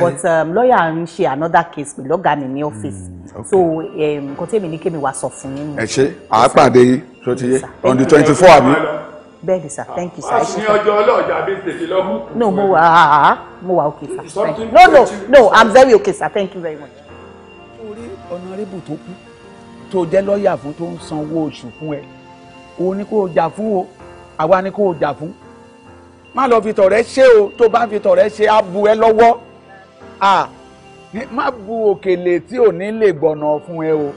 but um, lọ́ọ̀yà ń ṣe another case pẹ̀lú ọ̀gá mi ní ọ́fíìsì hmm, so um, nǹkan tèmi ní kémi wàá sọ fún yín. ẹ ṣe àápàdé yìí tó ti on the twenty four àbí. bẹ́ẹ̀ni sir thank you sir. àṣìyàn ọjọ́ ọlọ́ọ̀jà bí tètè lọ no mo wà á ah, ah, ah. mo wà okay sir no no no i'm very okay sir thank you very much. orí ọ̀nà rẹ́bù tó kú tó jẹ́ lọ́ọ̀yà fún tó ń sanwó oṣù fún ẹ òun ni kò jà fún o àwa ni kò jà fún má lọ fi tọ̀rẹ́ ṣe o tó bá fi tọ̀rẹ́ ṣe á bu ẹ lọ́wọ́ à má bu òkèlè tí ò ní lè gbọ̀nà fún ẹ o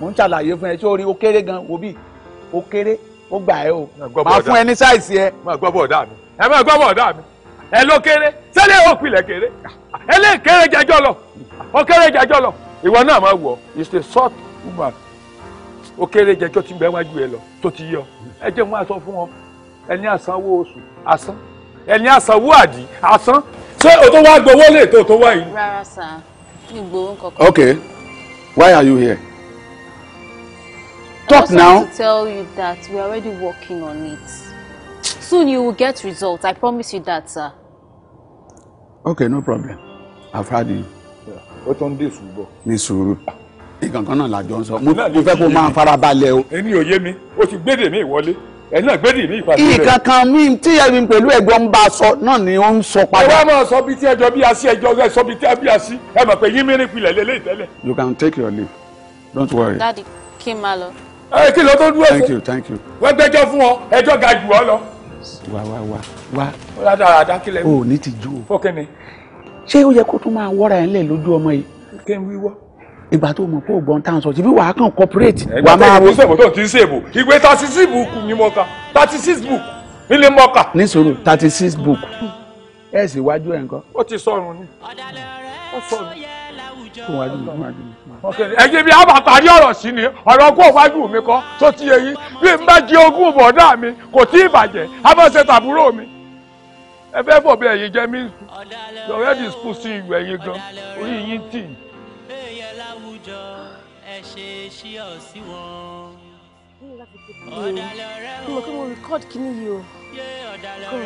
mò ń ṣàlàyé fún ẹ ṣé o rí o kéré gan wo bí o kéré ó gbà ẹ o máa fún ẹ ní sáìsì ẹ. mi ẹ má gbọ́ bọ̀ọ̀dá mi ẹ ló kéré sẹ́lẹ̀ ó pilẹ̀ kéré ẹ lè kéré jẹjọ́ lọ ó kéré jẹjọ́ lọ ìwọ náà máa wọ̀ it's a sort woman ó kéré jẹjọ tí bẹ wájú ẹ lọ tó ti yọ ẹ jẹ́ wọn aṣọ fún ọ ẹni àsanwó oṣù asán ẹni àsanwó àdì asán ṣé o tó wá gbowó lè tó tó wá yìí. rárá sá mi gbowó kankan. okay why are you here. talk now. I want to tell you that we are already working on it soon you will get results I promise you that sir. okay no problem I've had you. ó tún dé sùúrù bọ̀. ní sùúrù nǹkan náà làjọ ń sọ mo fẹ́ kó máa farabalẹ̀ o. èmi ò yé mi o ti gbédè mi ìwọlé ẹ̀yin náà gbédè mi ìpàdé rẹ̀. nǹkan mi tí ẹ̀mí pẹ̀lú ẹ̀gbọ́n ń bá a sọ náà ni ó ń sọ padà. ẹ wá máa sọ bíi tí ẹjọ́ bí a sí ẹjọ́ rẹ̀ sọ bíi tí a bí a sí ẹ mọ̀ pé yín mìíràn ìpìlẹ̀ lélẹ́yìí tẹ́lẹ̀. you can take your leave don't worry. dadi kí n máa lọ. ẹ kí ló tó dúró fún. thank you thank you. wọ́n gbẹ́jọ́ fún ọ ẹjọ́ ga jù ọ lọ. wá wá wá wá. ó ládàá àdá o ò ní ti ju o. fọkẹ́ni. ṣé ó yẹ kó tún máa wọ́ra ẹ̀ ńlẹ̀ lójú ọmọ yìí. kí n wíwọ́ ìgbà tó mọ̀ pé ògbọ́n tá à ń sọ síbí wàá kàn corporate. wà á máa wo ìgbà tó ti ń sèbò ìwé thirty six book ni mo kà thirty six book nílé mo kà. nísòro thirty six book ẹ sì wájú ẹ nǹkan. ó ti sọrùn ni ó sọrùn. kó wájú mi wájú mi. ẹ̀yin bí a bá parí ọ̀rọ̀ sí ni ọ̀rọ̀ kó wájú mi kọ́ tó ti yẹ yín bí n bá jẹ ogún bọ̀dá mi kò tí ì bàjẹ́ a máa ṣe tàbúrò mi ẹ fẹ́ bọ̀ bí ẹ̀yin jẹ́ mí ọ̀rẹ́dì skul sí ìwẹ̀ yín gan orí yín tì í àwùjọ ẹ ṣe ṣí ọ sí wọn. ọ̀dàlẹ̀ ọ̀rẹ́ o. kí mo record kíní yìí o. yé ọ̀dàlẹ̀ o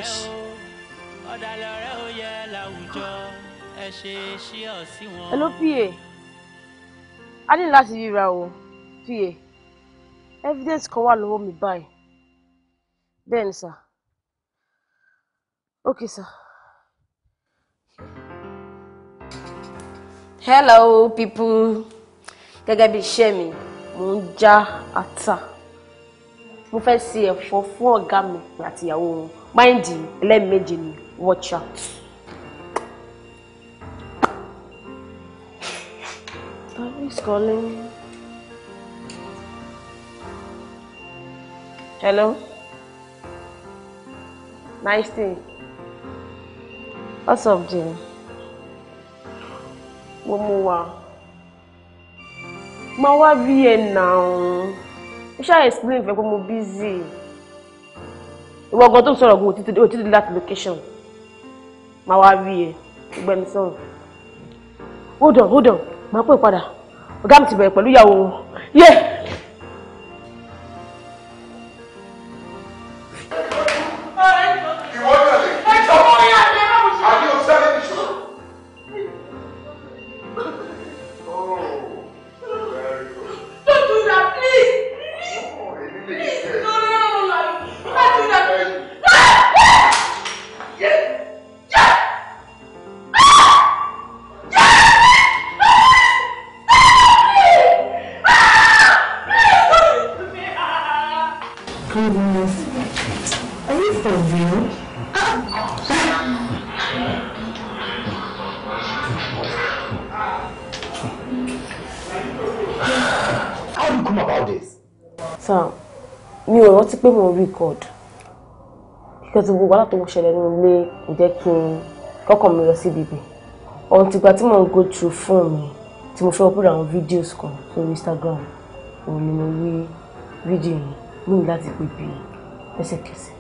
ọ̀dàlẹ̀ o yẹ làwùjọ ẹ ṣe ṣí ọ sí wọn. ẹ ló pa a ní láti ríra o pa evidence kan wà lọ́wọ́ mi báyìí bẹ́ẹ̀ ni sà ok sà. Hello, people gẹ́gẹ́ bí iṣẹ́ mi mò ń já ata mo fẹ́ ṣe ẹ̀fọ́ fún ọ̀gá mi àti ìyàwó wọn máìndì ẹlẹ́ẹ̀mejì ni watch out. Who's calling? Hello? Nice day. What's up, Jim? Mo mú wa. Ma wa bí ẹ nàá ó ṣáà explain fẹ́ pé busy ìwọ gan tó ń sọ̀rọ̀ gan òtítí dé láti location Ma wa bí ẹ gbẹ mi hold on hold on Ma pè padà ọ̀gá mi ti bẹ̀rẹ̀ pẹ̀lú ìyàwó Yeah. record because gbogbo wàhálà tó ń ṣẹlẹ̀ nínú ilé kò jẹ́ kí n kọ́kàn mi lọ sí bìbì ọ̀hún tìgbà tí mò ń go through phone mi tí mo fẹ́ upload àwọn videos kan sórí Instagram òun ni mo rí fídíò yẹn mú mi láti pè bí lẹ́sẹ̀kẹsẹ̀.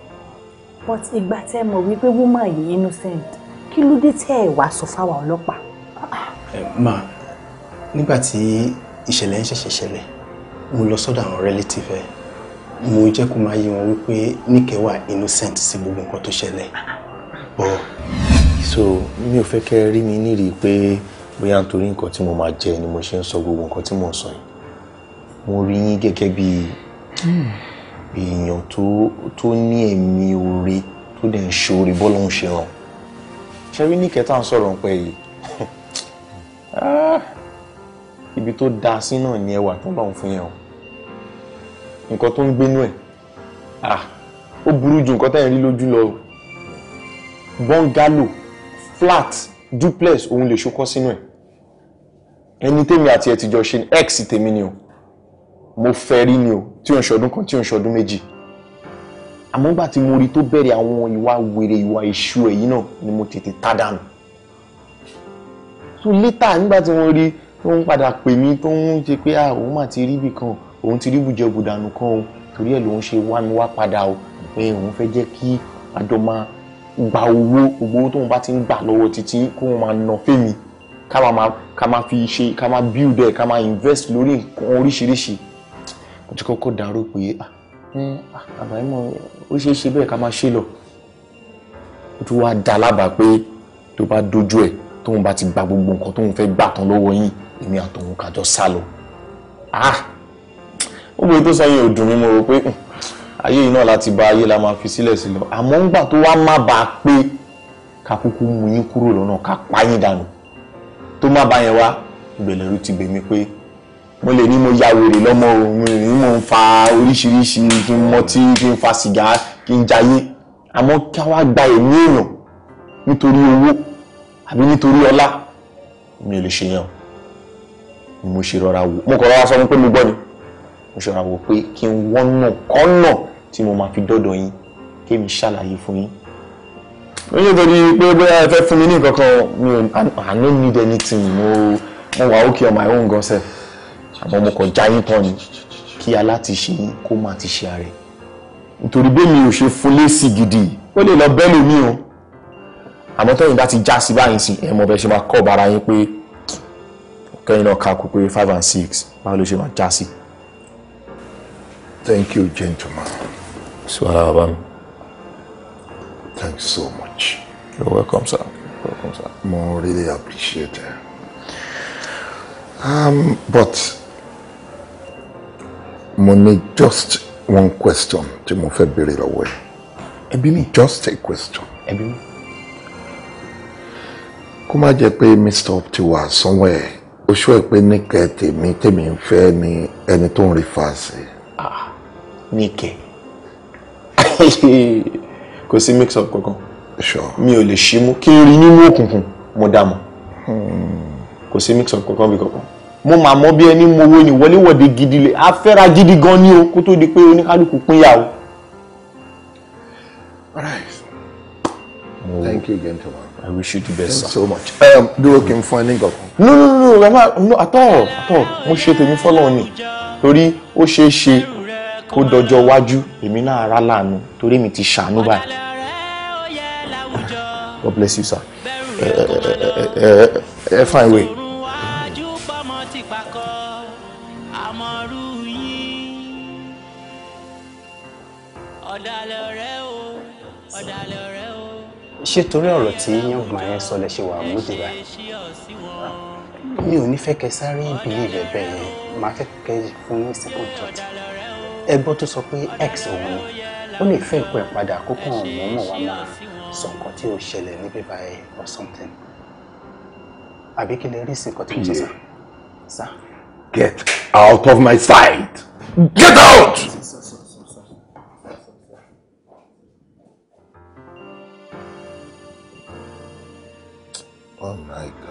but ìgbà tẹ́ mọ̀ wípé woman yìí innocent kí ló dé tẹ́ ẹ̀ wá sọ fáwọn ọlọ́pàá. ẹ ma nígbà tí ìṣẹ̀lẹ̀ ń ṣẹ̀ṣẹ̀ ṣẹlẹ̀ mo lọ sọ́dọ̀ àwọn relative ẹ̀ mo jẹ́ kó máa yé wọn wípé Níkẹ́ wà innocent sí gbogbo nǹkan tó ṣẹlẹ̀ bọ́ so mi ò fẹ́ kẹ́ rí mi nírìí pé bóyá nítorí nǹkan tí mo máa jẹ ni mo ṣe ń sọ gbogbo nǹkan tí mo ń sọ yìí mo rí yín gẹ́gẹ́ bí èèyàn tó ní ẹ̀mí oore tó dẹ̀ ń ṣoore bọ́lọ́hún ṣe ràn ṣe rí Níkẹ́ tá à ń sọ̀rọ̀ pẹ́ yìí ah, ibi tó dáa sí náà ni ẹwà tó lọ́hún fún yẹn o nǹkan tó ń gbénú ẹ̀ ah ó burú ju nǹkan tẹ́yìn rí lójú lọ bọ́ngálò flat duplex òun lè ṣokọ́ sínú ẹ̀ ẹni tèmi àti ẹ̀ ti jọ ṣe ni x tèmi ni o mo fẹ́ rí ni o tí ò ń ṣọdún kan tí ò ń ṣọdún méjì àmọ́ nígbà tí mo rí tó bẹ̀rẹ̀ àwọn ìwà wèrè ìwà ìṣù èyí náà ni mo tètè tá dànù so later nígbà tí mo rí tó ń padà pè mí tó ń ṣe pé ah òun ti rí ibì kan òun ti rí bùjẹ̀bù dànù kan o torí ẹ̀ lòun ṣe wá mi wá padà o pé òun fẹ́ jẹ́ kí àjọ máa gba owó gbogbo owó tóun bá ti ń gbà lọ́wọ́ títí kóun máa nà fẹ́mi ká máa fi ṣe ká máa build ẹ̀ ká máa invest lórí nǹkan oríṣiríṣi mo ti kọ́kọ́ dàrú pé àbáyémọ̀ ó ṣeé ṣe bẹ́ẹ̀ ká máa ṣe lọ ó tún wá dá lábàá pé tó bá dojú ẹ̀ tóun bá ti gba gbogbo nǹkan tóun fẹ́ gbà tán lọ́wọ́ yín èmi àtòun kájọ sá lọ. Ah! ó gbé tó sọyìn ò dùn mí mo rò pé hmm, ayé yìí náà láti bá ayé la máa fi sílẹ̀ sí lọ àmọ́ ńgbà tó wá má bàa pé kakuku mú yín kúrò lọ́nà ká pa yín dànù tó má bá yẹn wá ìbẹ̀lẹ̀rú ti gbèmí pé mo lè ní mo ya wèrè lọ́mọ òun ní mo ń fa oríṣiríṣi kí n mọtí kí n fa sìgá kí n jayé àmọ́ ká wá gba èmi èèyàn nítorí owó àbí nítorí ọlá mi ò lè ṣe yẹn mo ṣe rọra wò mo kọ̀ rọra sọ fún pé mo gbọ́ ni mo ṣe ra wò pé kí n wọ́nà kọ́nà tí mo máa fi dọ́dọ̀ yín kí mi ṣàlàyé fún yín. ó ṣe torí pé bóyá ẹ fẹ́ fún mi ní nǹkan mi ò I no need anything mo mo wà okay on my own gan sef àmọ́ mo kàn já yín tán ni kí alátiṣe yín kó máa ti ṣe ààrẹ nítorí bẹ́ẹ̀ mi ò ṣe fún lésì gidi ó lè lọ bẹ́ẹ̀ lómi o àmọ́ tẹ́yìn bá ti já sí báyìí sí ẹ̀ mọ̀ bẹ́ẹ̀ ṣe máa kọ́ bára yín pé kẹ́yìn náà kakú pé five and six báwo ló ṣe máa já sí Thank you, gentlemen. Swahaba. Thanks so much. You're welcome, sir. You're welcome, sir. More really appreciate it. Um, but mo ní just one question to move a béèrè away. ẹ. Ẹ Just a question. Ẹ bi mí. Kó Mr. Opti wà somewhere. Oṣù ẹ̀ pé ní kẹ́ẹ̀tẹ̀mí tèmi ń fẹ́ ni ẹni tó ń ní kẹ kò sí mix up kankan mi ò lè ṣí mú kí n rí nínú òkùnkùn mo dà mọ kò sí mix up kankan bí kankan mo máa mọ bí ẹni mo wo ni wọléwọ̀de gidi lè afẹ́ra gidi gan ni o kó tó di pé oníkálukú pínyà o. Thank you, again, gentlemen. I wish you the best, Thanks sir. so much. Um, dúró kí n fún ẹ ní nǹkan kan. No, no, no, no, at all, at all. Mo ṣe tèmi fọ́lọ́ ni torí ó ṣeé ṣe kó dọjọ́ wájú èmi náà ara láàánú torí mi ti ṣàánú báyìí. God bless you sir. ẹ fine way. ṣé torí ọ̀rọ̀ tí yàngbọ̀n yẹn sọ lẹ ṣe wà múdì báyìí mi ò ní fẹ́ kẹ sáré ìbílẹ̀ bẹ́ẹ̀ yẹn máa fẹ́ kẹ fún ní second thought ẹ̀gbọ́n tó sọ pé ex òun ni ó lè fẹ́ ìpò padà kókó ọ̀hún mọ̀ọ́mọ̀ wá máa sọ nǹkan tí ó ṣẹlẹ̀ níbí báyìí or something àbí kí lè rí sí nǹkan tí mo sọ sá. sá. get out of my sight get out. Oh my God.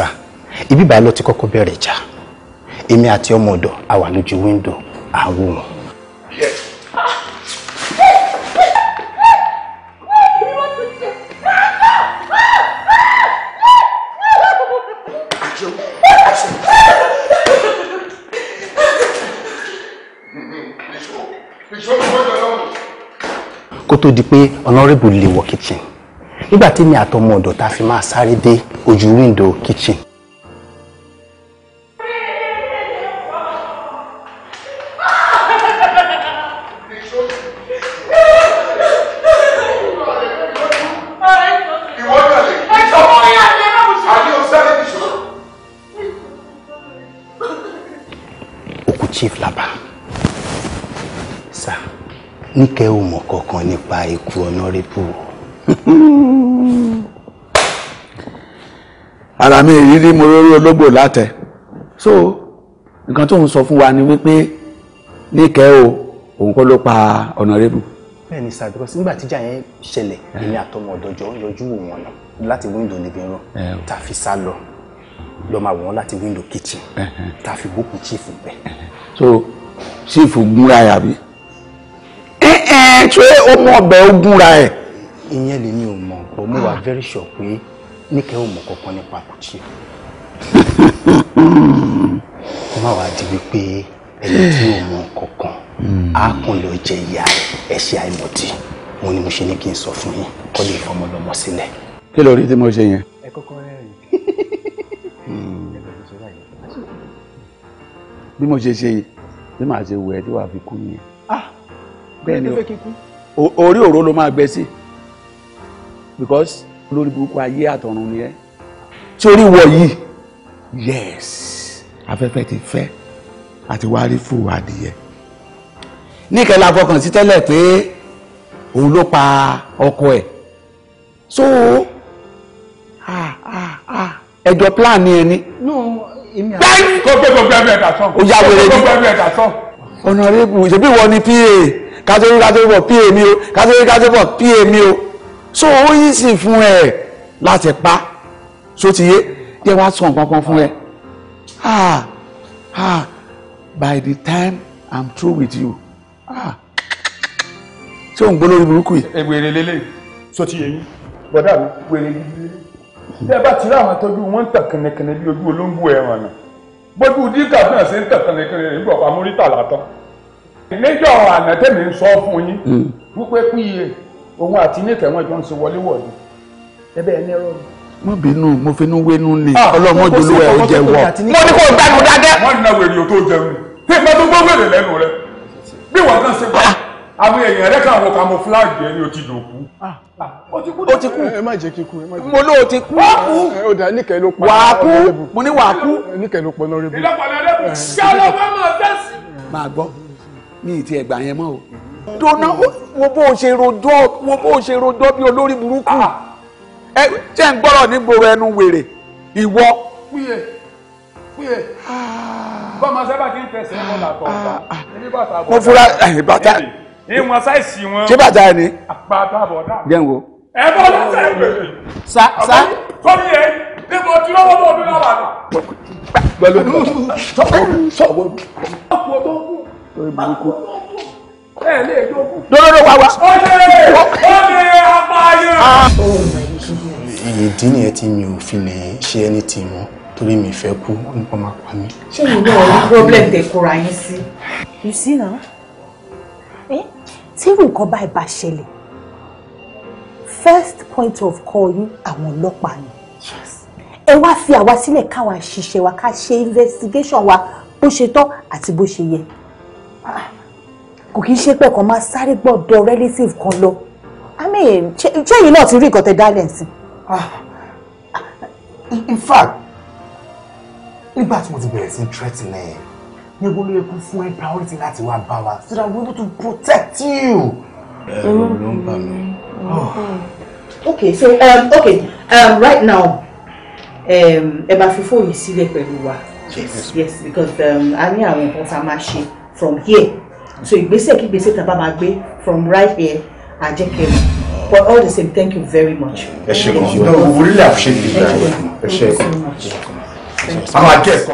sà ibi bá lọ ti kọ́kọ́ bẹ̀rẹ̀ ìjà èmi àti ọmọ ọ̀dọ̀ a wà lójú wíńdò àwò wọn. kó tó di pé honorable lè wọ kitchen nígbà tí mi àtọmọ ọ̀dọ̀ ta fi máa sáré dé ojú wíńdò kitchen. chief laba sá ní kẹ́ ò mọ̀ kankan nípa ikú ọ̀nàrẹ́bù o. ara mi ìrírí mo rórí ológbò látẹ so nǹkan tó ń sọ fún wa ni wípé níkẹ́ o òun kọ́ ló pa honorable. bẹ́ẹ̀ ni sir because nígbà tíjà yẹn ṣẹlẹ̀ eh. èmi àtọmọ ọ̀dọ́jọ́ ń yọjú wò wọ́n náà láti wíńdò níbi rán eh. tá a fi sá lọ lọ máa wò láti wíńdò kitchen eh, tá a fi bókù chief bẹ̀. so chief gúnra yàbí ẹ ẹ ṣé ó mọ ọbẹ̀ ó gúnra ẹ̀ ìyẹn lèmi ò mọ̀ pọ̀ mo wà ah. very sure pé níkẹ́ ò mọ̀ kankan nípa Kúchì. kó má wàá di wípé ẹni tí ò mọ̀ kankan hmm. á kàn lọ jẹ ìyá ẹ̀ṣẹ̀ àìmọ̀dí òun ni mo ṣe ní kí n sọ fún yín kó lè fọmọ lọmọ sílẹ̀. kí ló rí tí mo ṣe yẹn. ẹ kọ́kọ́ rẹ́rìn. Hmm. bí mo ṣe ṣe bí màá ṣe wẹ̀ tí wàá fi kú nìyẹn. Ah, bẹ́ẹ̀ ni orí òró ló máa gbẹ sí because olórí burúkú ayé àtọ̀run ni ẹ́ sórí wọ yìí yes afẹ́fẹ́ ti fẹ́ àti wá rí fún adìyẹ níkẹ́ la fọkàn sí tẹ́lẹ̀ pé òun ló pa ọkọ ẹ̀ so ah ah ah ẹjọ plan ni ẹni. báyìí kò gbé gbogbo ẹbí ẹ̀ka sọ. o ya wèrè ni ọ̀nà rẹ̀ bù ṣèbí wọ ni pa kátó rí kátó rí bọ̀ pa mi o kátó rí kátó rí bọ̀ pa mi o so ó yí sì fún ẹ láti pa so ti yé yẹ wá sọ nǹkan kan fún ẹ ah ah by the time i'm through with you ah ṣé òun gbólórí burúkú yìí. ẹgbẹ̀rẹ̀ lélẹ̀ so ti yẹn bọ̀dá mi wẹ̀rẹ̀ lélẹ̀ bí ẹ bá ti rí àwọn tọ́jú wọn ń tàn kẹnẹkẹnẹ bí ojú olóńgbò ẹran náà bójú dígà náà ṣe ń tàn kẹnẹkẹnẹ nígbà pamọ́ rí tàlátọ́ níjọ́ àná tẹ̀mí ń sọ fún yín hmm. wípé píye òun àti ní ìkẹwọn jọ ń ṣe wọlé wọlé ẹ̀bẹ̀ ẹni ẹ̀rọ mi. mo bínú mo finú wénú ni ọlọmọ jòlúwẹ ò jẹ wọ. mo ní kó o gbádùn dáadáa. wọn ní náwó èrè tó jẹun bí ìgbà tó gbọ́ wèrè lẹ́nu rẹ bí wọn kàn ṣe wọ ah. àwọn èèyàn rẹ kàn wọ camouflage ẹni o ti dòkú. o ah, ah. ti kú o ti kú ẹ má jẹ́ kí kú ẹ má jẹ́ kí kú. mo ló o ti kú. wàá kú ó dà níkẹ́ ló pa wàá kú mo ní wàá kú. níkẹ́ ló pa lọ́rẹ́bù. ìlọpàlẹ̀ rẹ̀ kù ṣálọ́ máa gbọ́ mi ì tiẹ̀ gbà yẹn mọ́ o. dona wo bó o ṣe rojọ́ wo bó o ṣe rojọ́ bí olórí burúkú ah. ẹ jẹ́ ń gbọ́rọ̀ nígboro ẹnu wèrè ìwọ. fúyẹ fúyẹ ah. bọ́mọ sẹ́bà ti ń tẹ̀sẹ̀ wọn làtọ̀ ọ̀tá. Ah. mo fura bàtà. ìwọ̀n sáìsì wọn. ṣé bàtà ẹ ní. bàtà bọ̀dà. jẹ́ ń wo. ẹ bọ́ lọ́sẹ̀ ẹ pè mí. sa sa. kọ́mi yẹn níbo tí lọ́wọ́ bọ̀ ọdún náà wà ní. pẹ̀lú sọ̀wọ́ sọ̀wọ́ ẹ lè jogún. lọ́dọ̀ wá wá. ó lè ó lè apáyé. Ah. ìdí nìyẹn tí mi ò fi lè ṣe ẹni tì mọ́ torí mi fẹ́ kú nípa máa pa mí. ṣé mo náà ní problem tẹ kóra yín sí. you see na eh? tí nǹkan báyìí bá ṣẹlẹ̀ first point of call yín àwọn ọlọ́pàá ni ẹ wá fi àwa sílẹ̀ káwa ṣiṣẹ́ wa ká ṣe investigation wa bó ṣe tọ́ àti bó ṣe yẹ. Ah kò kí ń ṣe pé kàn máa sáré gbọ́dọ̀ relative kan lọ i mean ṣé èyí náà ti rí nǹkan tẹ dálẹ̀ sí. Ah, in fact nígbà tí mo ti bẹ̀rẹ̀ sí threatening ẹ̀ ní gbogbo ẹkú fún ẹ priority láti wá bá wa so that we able to protect you. ẹ̀rù ló ń bà mí. Oh. okay so um, okay um, right now um, ẹ máa fi fóònù sílẹ̀ pẹ̀lú wa yes yes because um, a ní àwọn nǹkan tá a máa ṣe from here so ìgbésẹ̀ kí ìgbésẹ̀ tá a bá máa gbé from right here àjẹkẹrù but all the same thank you very much. ẹ ṣe kàn no we really appreciate you very much ẹ ṣe kàn. I'm a guest.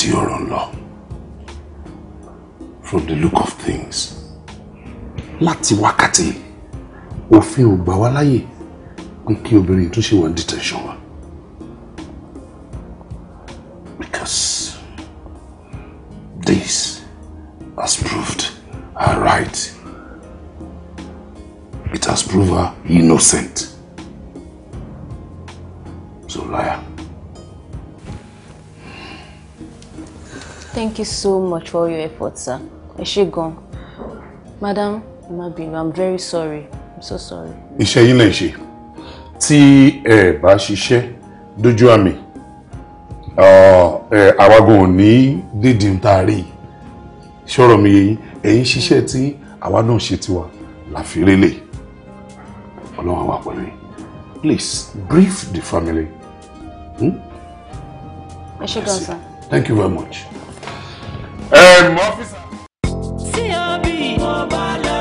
tí ọ̀rọ̀ ń lọ from the look of things láti wákàtí òfin ò gbà wá láyè pé kí obìnrin tó ṣe wà ní detention wa because this has proved her right it has proved her innocent. Thank you so much for your efforts, sir. Ẹ ṣé gan. Madam, má I'm very sorry. I'm so sorry. Iṣẹ́ yín lẹ ṣe. Tí ẹ bá ṣiṣẹ́ dójú Ah, àwagun ò ní dídì ń taari. Ṣọ́rọ̀ mi yẹn, ẹ̀yin ṣiṣẹ́ tí àwa náà ṣe tiwa láfirélè. Ọlọ́run àwa pẹ̀lú yín. Please brief the family. Hmm? Ẹ ṣé gan, sir. Thank you very much ọ́fíìsà. tí a